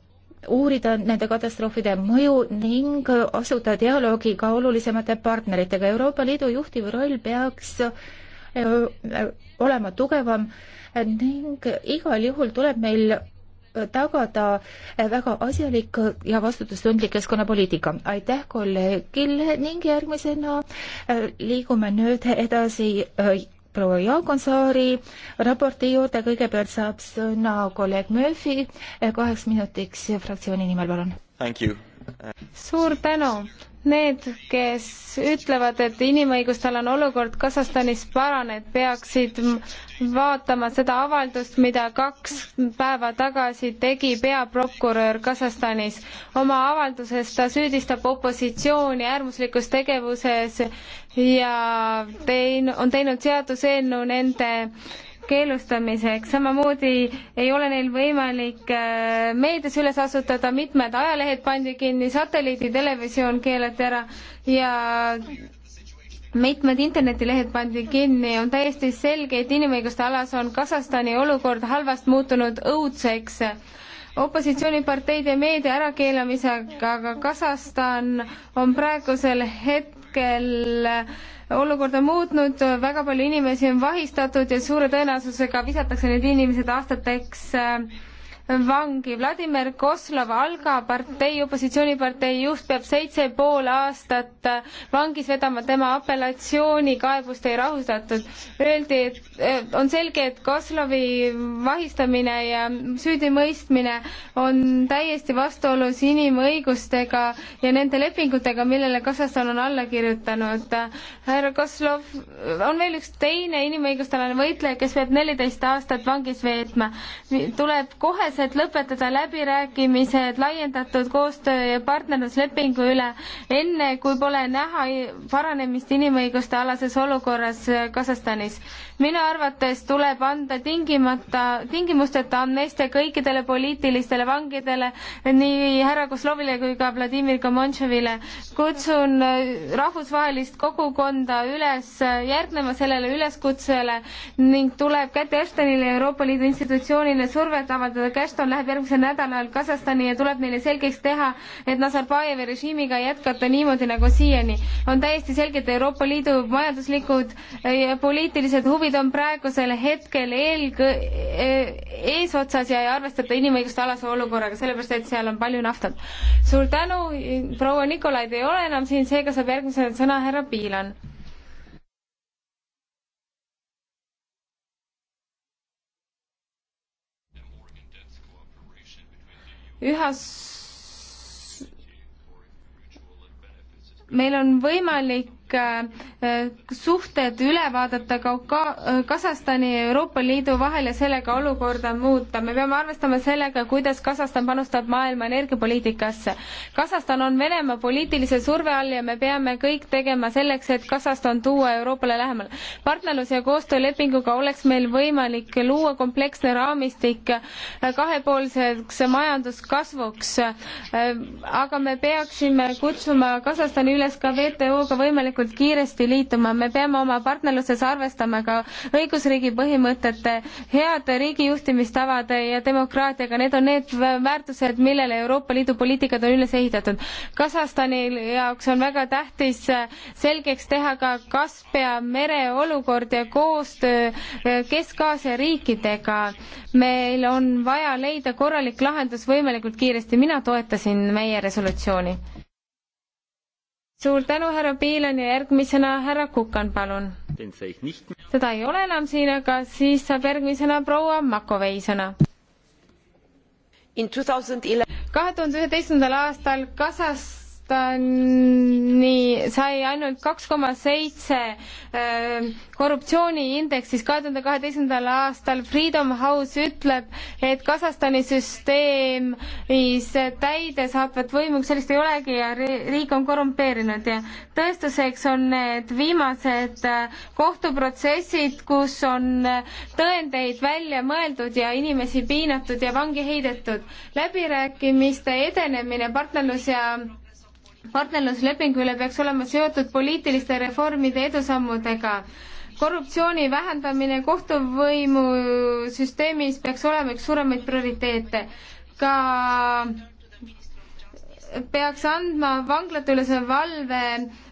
uurida nende katastroofide mõju ning asuda dialoogi ka olulisemate partneritega. Euroopa Liidu juhtiv roll peaks äh, olema tugevam ning igal juhul tuleb meil tagada väga asjalik ja vastutustundlik keskkonnapoliitika. aitäh kolleegile ning järgmisena äh, liigume nüüd edasi äh, proua Jaagonsaari raporti juurde, kõigepealt saab sõna kolleeg Murphy äh, kaheks minutiks fraktsiooni nimel, palun suur tänu. Need, kes ütlevad, et inimõigustalane olukord Kasahstanis paraneb, peaksid vaatama seda avaldust, mida kaks päeva tagasi tegi peaprokurör Kasahstanis. oma avalduses ta süüdistab opositsiooni äärmuslikus tegevuses ja tein-, on teinud seaduseelnõu nende äh, keelustamiseks, samamoodi ei ole neil võimalik äh, meedias üles asutada, mitmed ajalehed pandi kinni, satelliiditelevisioon keelati ära ja mitmed internetilehed pandi kinni, on täiesti selge, et inimõiguste alas on Kasahstani olukord halvast muutunud õudseks. opositsiooniparteide meedia ärakeelamisega Kasahstan on praegusel hetkel äh, olukord on muutnud, väga palju inimesi on vahistatud ja suure tõenäosusega visatakse need inimesed aastateks äh, vangi. Vladimir Koslov, Alga partei, opositsioonipartei juht, peab seitse pool aastat vangis vedama, tema apellatsioonikaebust ei rahuldatud. Öeldi, et on selge, et Koslovi vahistamine ja süüdimõistmine on täiesti vastuolus inimõigustega ja nende lepingutega, millele Kasahstan on alla kirjutanud. härra Koslov, on veel üks teine inimõigustalane võitleja, kes peab neliteist aastat vangis veetma. tuleb kohe selles, et lõpetada läbirääkimised laiendatud koostöö ja partnerluslepingu üle, enne kui pole näha paranemist inimõiguste alases olukorras Kasahstanis. minu arvates tuleb anda tingimata, tingimusteta amnestia kõikidele poliitilistele vangidele, nii härra Kozlovile kui ka Vladimir Komantševile. kutsun rahvusvahelist kogukonda üles järgnema sellele üleskutsele ning tuleb Käti Ashtonile ja Euroopa Liidu institutsioonile survet avaldada Cash Ashton läheb järgmisel nädalal Kasahstani ja tuleb neile selgeks teha, et Nazarbajevi režiimiga jätkata niimoodi nagu siiani. on täiesti selge, et Euroopa Liidu majanduslikud ja poliitilised huvid on praegusel hetkel eelkõ-, e-, eesotsas ja ei arvestata inimõiguste alase olukorraga, sellepärast et seal on palju naftat. suur tänu, proua Nikolaid ei ole enam siin, seega saab järgmisena sõna härra Piilan üha meil on võimalik Äh, suhted üle vaadata Kauka-, äh, Kasahstani ja Euroopa Liidu vahel ja sellega olukorda muuta. me peame arvestama sellega, kuidas Kasahstan panustab maailma energiapoliitikasse. Kasahstan on Venemaa poliitilise surve all ja me peame kõik tegema selleks, et Kasahstan tuua Euroopale lähemale. partnerluse ja koostöölepinguga oleks meil võimalik luua kompleksne raamistik äh, kahepoolseks majanduskasvuks, aga me peaksime kutsuma Kasahstani üles ka WTO-ga võimalikult võimalikult kiiresti liituma, me peame oma partnerluses arvestama ka õigusriigi põhimõtete, heade riigijuhtimistavade ja demokraatiaga, need on need väärtused, millele Euroopa Liidu poliitikad on üles ehitatud. Kasahstani jaoks on väga tähtis selgeks teha ka Kaspia mere olukord ja koostöö Kesk-Aasia riikidega. meil on vaja leida korralik lahendus võimalikult kiiresti, mina toetasin meie resolutsiooni suur tänu, härra Piilan ja järgmisena härra Kukan, palun. teda ei ole enam siin, aga siis saab järgmisena proua Makovei sõna. kahe tuhande üheteistkümnendal aastal Kasas nii sai ainult kaks koma seitse äh, korruptsiooniindeksis kahe tuhande kaheteistkümnendal aastal. Freedom House ütleb, et Kasahstani süsteemis täidesaatvat võimu sellist ei olegi ja riik on korrumpeerinud ja tõestuseks on need viimased äh, kohtuprotsessid, kus on äh, tõendeid välja mõeldud ja inimesi piinatud ja vangi heidetud. läbirääkimiste edenemine partnerlus ja partnerlusleping üle peaks olema seotud poliitiliste reformide edusammudega. korruptsiooni vähendamine kohtuvõimusüsteemis peaks olema üks suuremaid prioriteete. ka peaks andma vanglatulise valve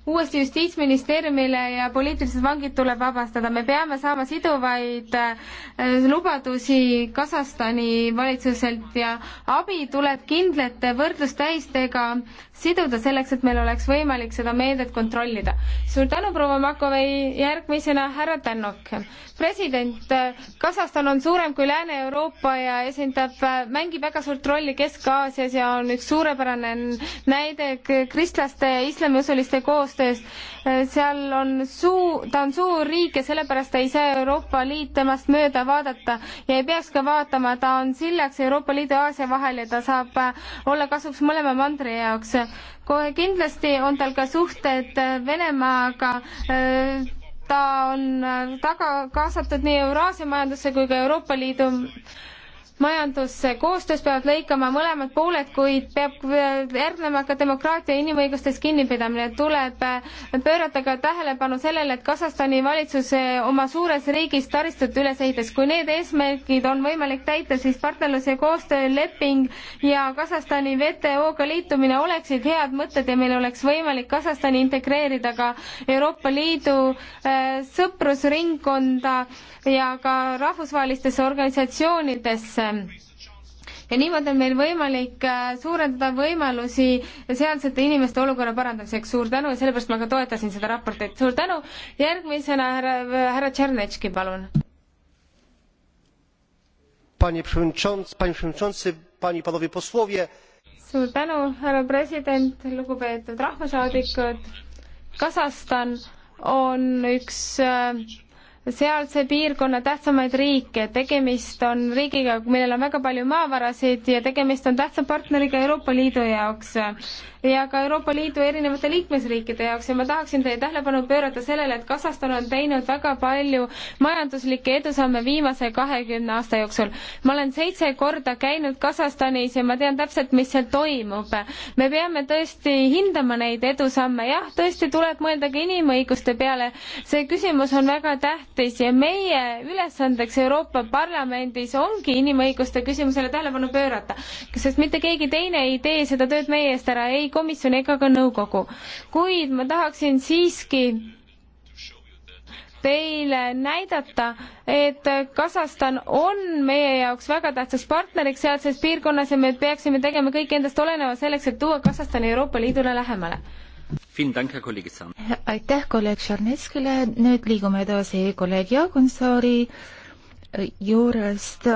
uuesti Justiitsministeeriumile ja poliitilised vangid tuleb vabastada. me peame saama siduvaid äh, lubadusi Kasahstani valitsuselt ja abi tuleb kindlate võrdlustähistega siduda selleks, et meil oleks võimalik seda meedet kontrollida. suur tänu, proua Makovei, järgmisena härra Tännok. president, äh, Kasahstan on suurem kui Lääne-Euroopa ja esindab, äh, mängib väga suurt rolli Kesk-Aasias ja on üks suurepärane näide kristlaste ja islamiusuliste koostöö koostöös. seal on suu-, ta on suur riik ja sellepärast ei saa Euroopa Liit temast mööda vaadata ja ei peaks ka vaatama, ta on sillaks Euroopa Liidu ja Aasia vahel ja ta saab äh, olla kasuks mõlema mandri jaoks. kohe kindlasti on tal ka suhted äh, Venemaaga äh, ta on taga kaasatud nii Euraasia majandusse kui ka Euroopa Liidu majandusse, koostöös peavad lõikama mõlemad pooled, kuid peab järgnema ka demokraatia ja inimõigustest kinnipidamine. tuleb pöörata ka tähelepanu sellele, et Kasahstani valitsus oma suures riigis taristut üles ehitas. kui need eesmärgid on võimalik täita, siis partnerlus- ja koostööleping ja Kasahstani WTO-ga liitumine oleksid head mõtted ja meil oleks võimalik Kasahstani integreerida ka Euroopa Liidu äh, sõprusringkonda ja ka rahvusvahelistesse organisatsioonidesse ja niimoodi on meil võimalik äh, suurendada võimalusi sealsete inimeste olukorra parandamiseks. suur tänu ja sellepärast ma ka toetasin seda raportit. suur tänu. järgmisena härra, härra Tšernetški, palun. suur tänu, härra president, lugupeetud rahvasaadikud. Kasahstan on üks äh, sealse piirkonna tähtsamaid riike, tegemist on riigiga, millel on väga palju maavarasid ja tegemist on tähtsa partneriga Euroopa Liidu jaoks ja ka Euroopa Liidu erinevate liikmesriikide jaoks ja ma tahaksin teie tähelepanu pöörata sellele, et Kasahstan on teinud väga palju majanduslikke edusamme viimase kahekümne aasta jooksul. ma olen seitse korda käinud Kasahstanis ja ma tean täpselt, mis seal toimub. me peame tõesti hindama neid edusamme, jah, tõesti tuleb mõelda ka inimõiguste peale, see küsimus on väga tähtis ja meie ülesandeks Euroopa Parlamendis ongi inimõiguste küsimusele tähelepanu pöörata, sest mitte keegi teine ei tee seda tööd meie eest ära, ei komisjon ega ka nõukogu. kuid ma tahaksin siiski teile näidata, et Kasahstan on meie jaoks väga tähtsaks partneriks sealses piirkonnas ja me peaksime tegema kõik endast oleneva selleks, et tuua Kasahstani Euroopa Liidule lähemale. aitäh kolleeg Šarnetskile, nüüd liigume edasi kolleeg Jaagonsaari juurest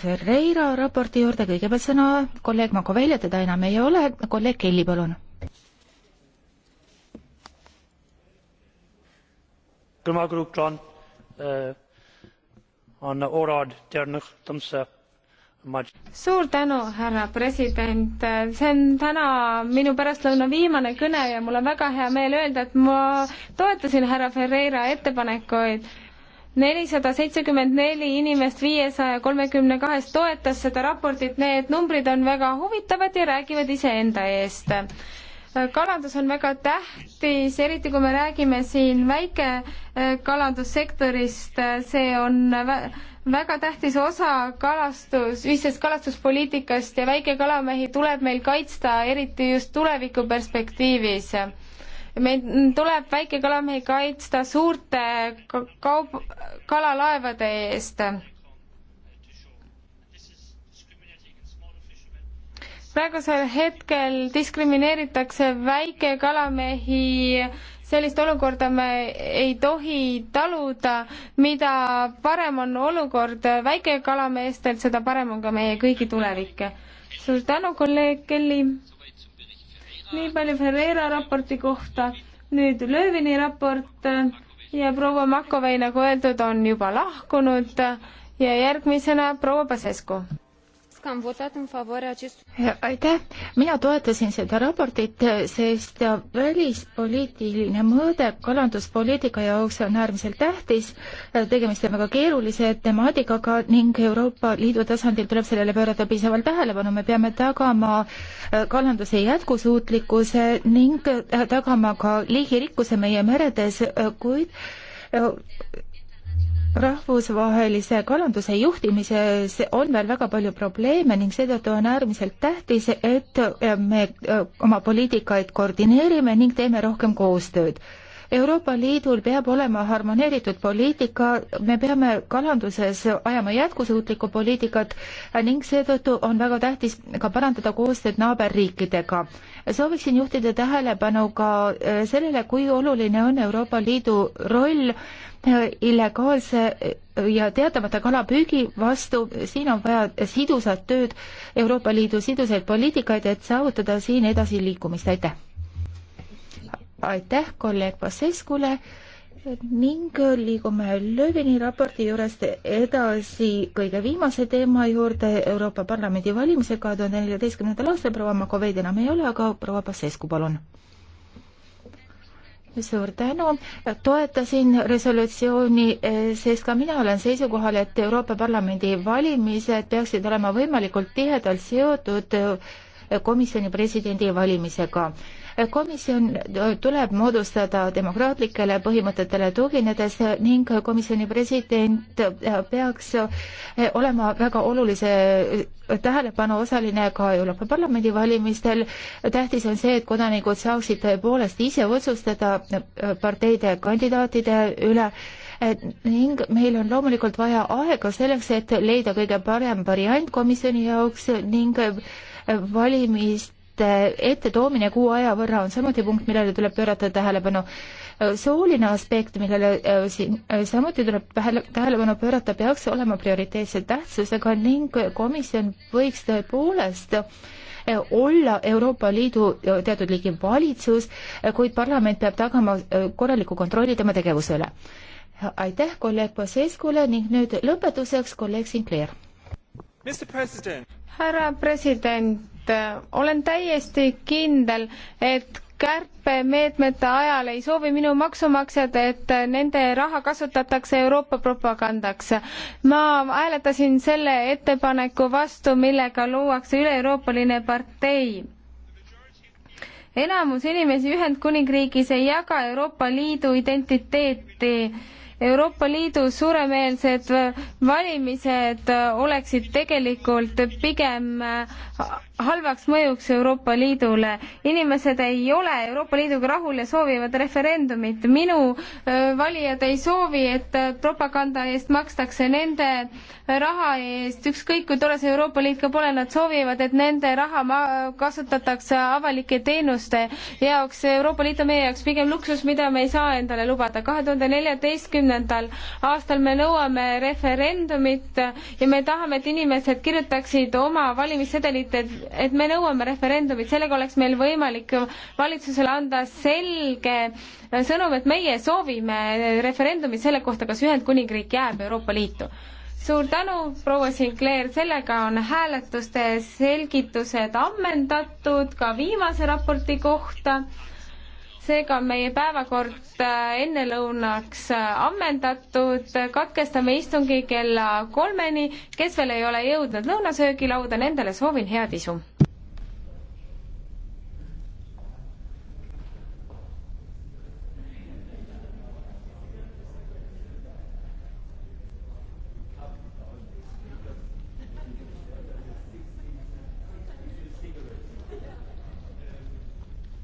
Ferreira raporti juurde kõigepealt sõna kolleeg Mako Välja, teda enam ei ole, kolleeg Kelly, palun. Eh, suur tänu, härra president, see on täna minu pärastlõuna viimane kõne ja mul on väga hea meel öelda, et ma toetasin härra Ferreira ettepanekuid nelisada seitsekümmend neli inimest viiesaja kolmekümne kahest toetas seda raportit, need numbrid on väga huvitavad ja räägivad iseenda eest. kalandus on väga tähtis, eriti kui me räägime siin väikekalandussektorist, see on väga tähtis osa kalastus, ühisest kalastuspoliitikast ja väikekalamehi tuleb meil kaitsta, eriti just tulevikuperspektiivis meil tuleb väikekalamehi kaitsta suurte kaup-, kalalaevade eest. praegusel hetkel diskrimineeritakse väikekalamehi sellist olukorda me ei tohi taluda, mida parem on olukord väikekalameestelt, seda parem on ka meie kõigi tulevik. suur tänu, kolleeg Kelly! nii palju Ferreira raporti kohta, nüüd Löövini raport äh, ja proua Makovei, nagu öeldud, on juba lahkunud ja järgmisena proua Pasescu că am votat în favoarea acestui... Aitäh! Mina toetasin seda raportit, sest välispoliitiline mõõde kalanduspoliitika jaoks on äärmiselt tähtis. Tegemist on väga keerulise temaatikaga ning Euroopa Liidu tasandil tuleb sellele pöörata piisavalt tähelepanu. Me peame tagama äh, kalanduse jätkusuutlikkuse ning äh, tagama ka liigirikkuse meie meredes, äh, kuid rahvusvahelise kalanduse juhtimises on veel väga palju probleeme ning seetõttu on äärmiselt tähtis, et me äh, oma poliitikaid koordineerime ning teeme rohkem koostööd. Euroopa Liidul peab olema harmoneeritud poliitika, me peame kalanduses ajama jätkusuutlikku poliitikat ning seetõttu on väga tähtis ka parandada koostööd naaberriikidega sooviksin juhtida tähelepanu ka äh, sellele, kui oluline on Euroopa Liidu roll illegaalse ja teatamata kalapüügi vastu, siin on vaja sidusat tööd, Euroopa Liidu sidusaid poliitikaid, et saavutada siin edasiliikumist, aitäh! aitäh kolleeg Paseskule ning liigume Löövini raporti juurest edasi kõige viimase teema juurde, Euroopa Parlamendi valimised kahe tuhande neljateistkümnendal aastal, proua Makoveid enam ei ole, aga proua Pasesku, palun! suur tänu, toetasin resolutsiooni, eh, sest ka mina olen seisukohal, et Euroopa Parlamendi valimised peaksid olema võimalikult tihedalt seotud eh, komisjoni presidendi valimisega komisjon tuleb moodustada demokraatlikele põhimõtetele tuginedes ning komisjoni president peaks olema väga olulise tähelepanu osaline ka Euroopa Parlamendi valimistel. tähtis on see, et kodanikud saaksid tõepoolest ise otsustada parteide kandidaatide üle ning meil on loomulikult vaja aega selleks, et leida kõige parem variant komisjoni jaoks ning valimist ettetoomine kuu aja võrra on samuti punkt, millele tuleb pöörata tähelepanu. sooline aspekt, millele äh, siin äh, samuti tuleb tähelepanu pöörata, peaks olema prioriteetse tähtsusega ning komisjon võiks tõepoolest äh, olla Euroopa Liidu teatud liigi valitsus, kuid parlament peab tagama korraliku kontrolli tema tegevuse üle. aitäh kolleeg Paseskule ning nüüd lõpetuseks kolleeg Sinclair. härra president, Äh, olen täiesti kindel, et kärpemeetmete ajal ei soovi minu maksumaksjad, et äh, nende raha kasutatakse Euroopa propagandaks. ma hääletasin selle ettepaneku vastu, millega luuakse üle-euroopaline partei. enamus inimesi Ühendkuningriigis ei jaga Euroopa Liidu identiteeti Euroopa Liidu suuremeelsed valimised oleksid tegelikult pigem halvaks mõjuks Euroopa Liidule. inimesed ei ole Euroopa Liiduga rahul ja soovivad referendumit. minu valijad ei soovi, et propaganda eest makstakse nende raha eest, ükskõik kui tore see Euroopa Liit ka pole, nad soovivad, et nende raha kasutatakse avalike teenuste jaoks. Euroopa Liit on meie jaoks pigem luksus, mida me ei saa endale lubada. kahe tuhande neljateistkümnendal kümnendal aastal me nõuame referendumit ja me tahame, et inimesed kirjutaksid oma valimissedelit, et, et me nõuame referendumit, sellega oleks meil võimalik valitsusele anda selge sõnum, et meie soovime referendumit selle kohta, kas Ühendkuningriik jääb Euroopa Liitu suur tänu, proua Sinclair, sellega on hääletuste selgitused ammendatud ka viimase raporti kohta seega on meie päevakord äh, ennelõunaks äh, ammendatud, katkestame istungi kella kolmeni, kes veel ei ole jõudnud lõunasöögilauda, nendele soovin head isu!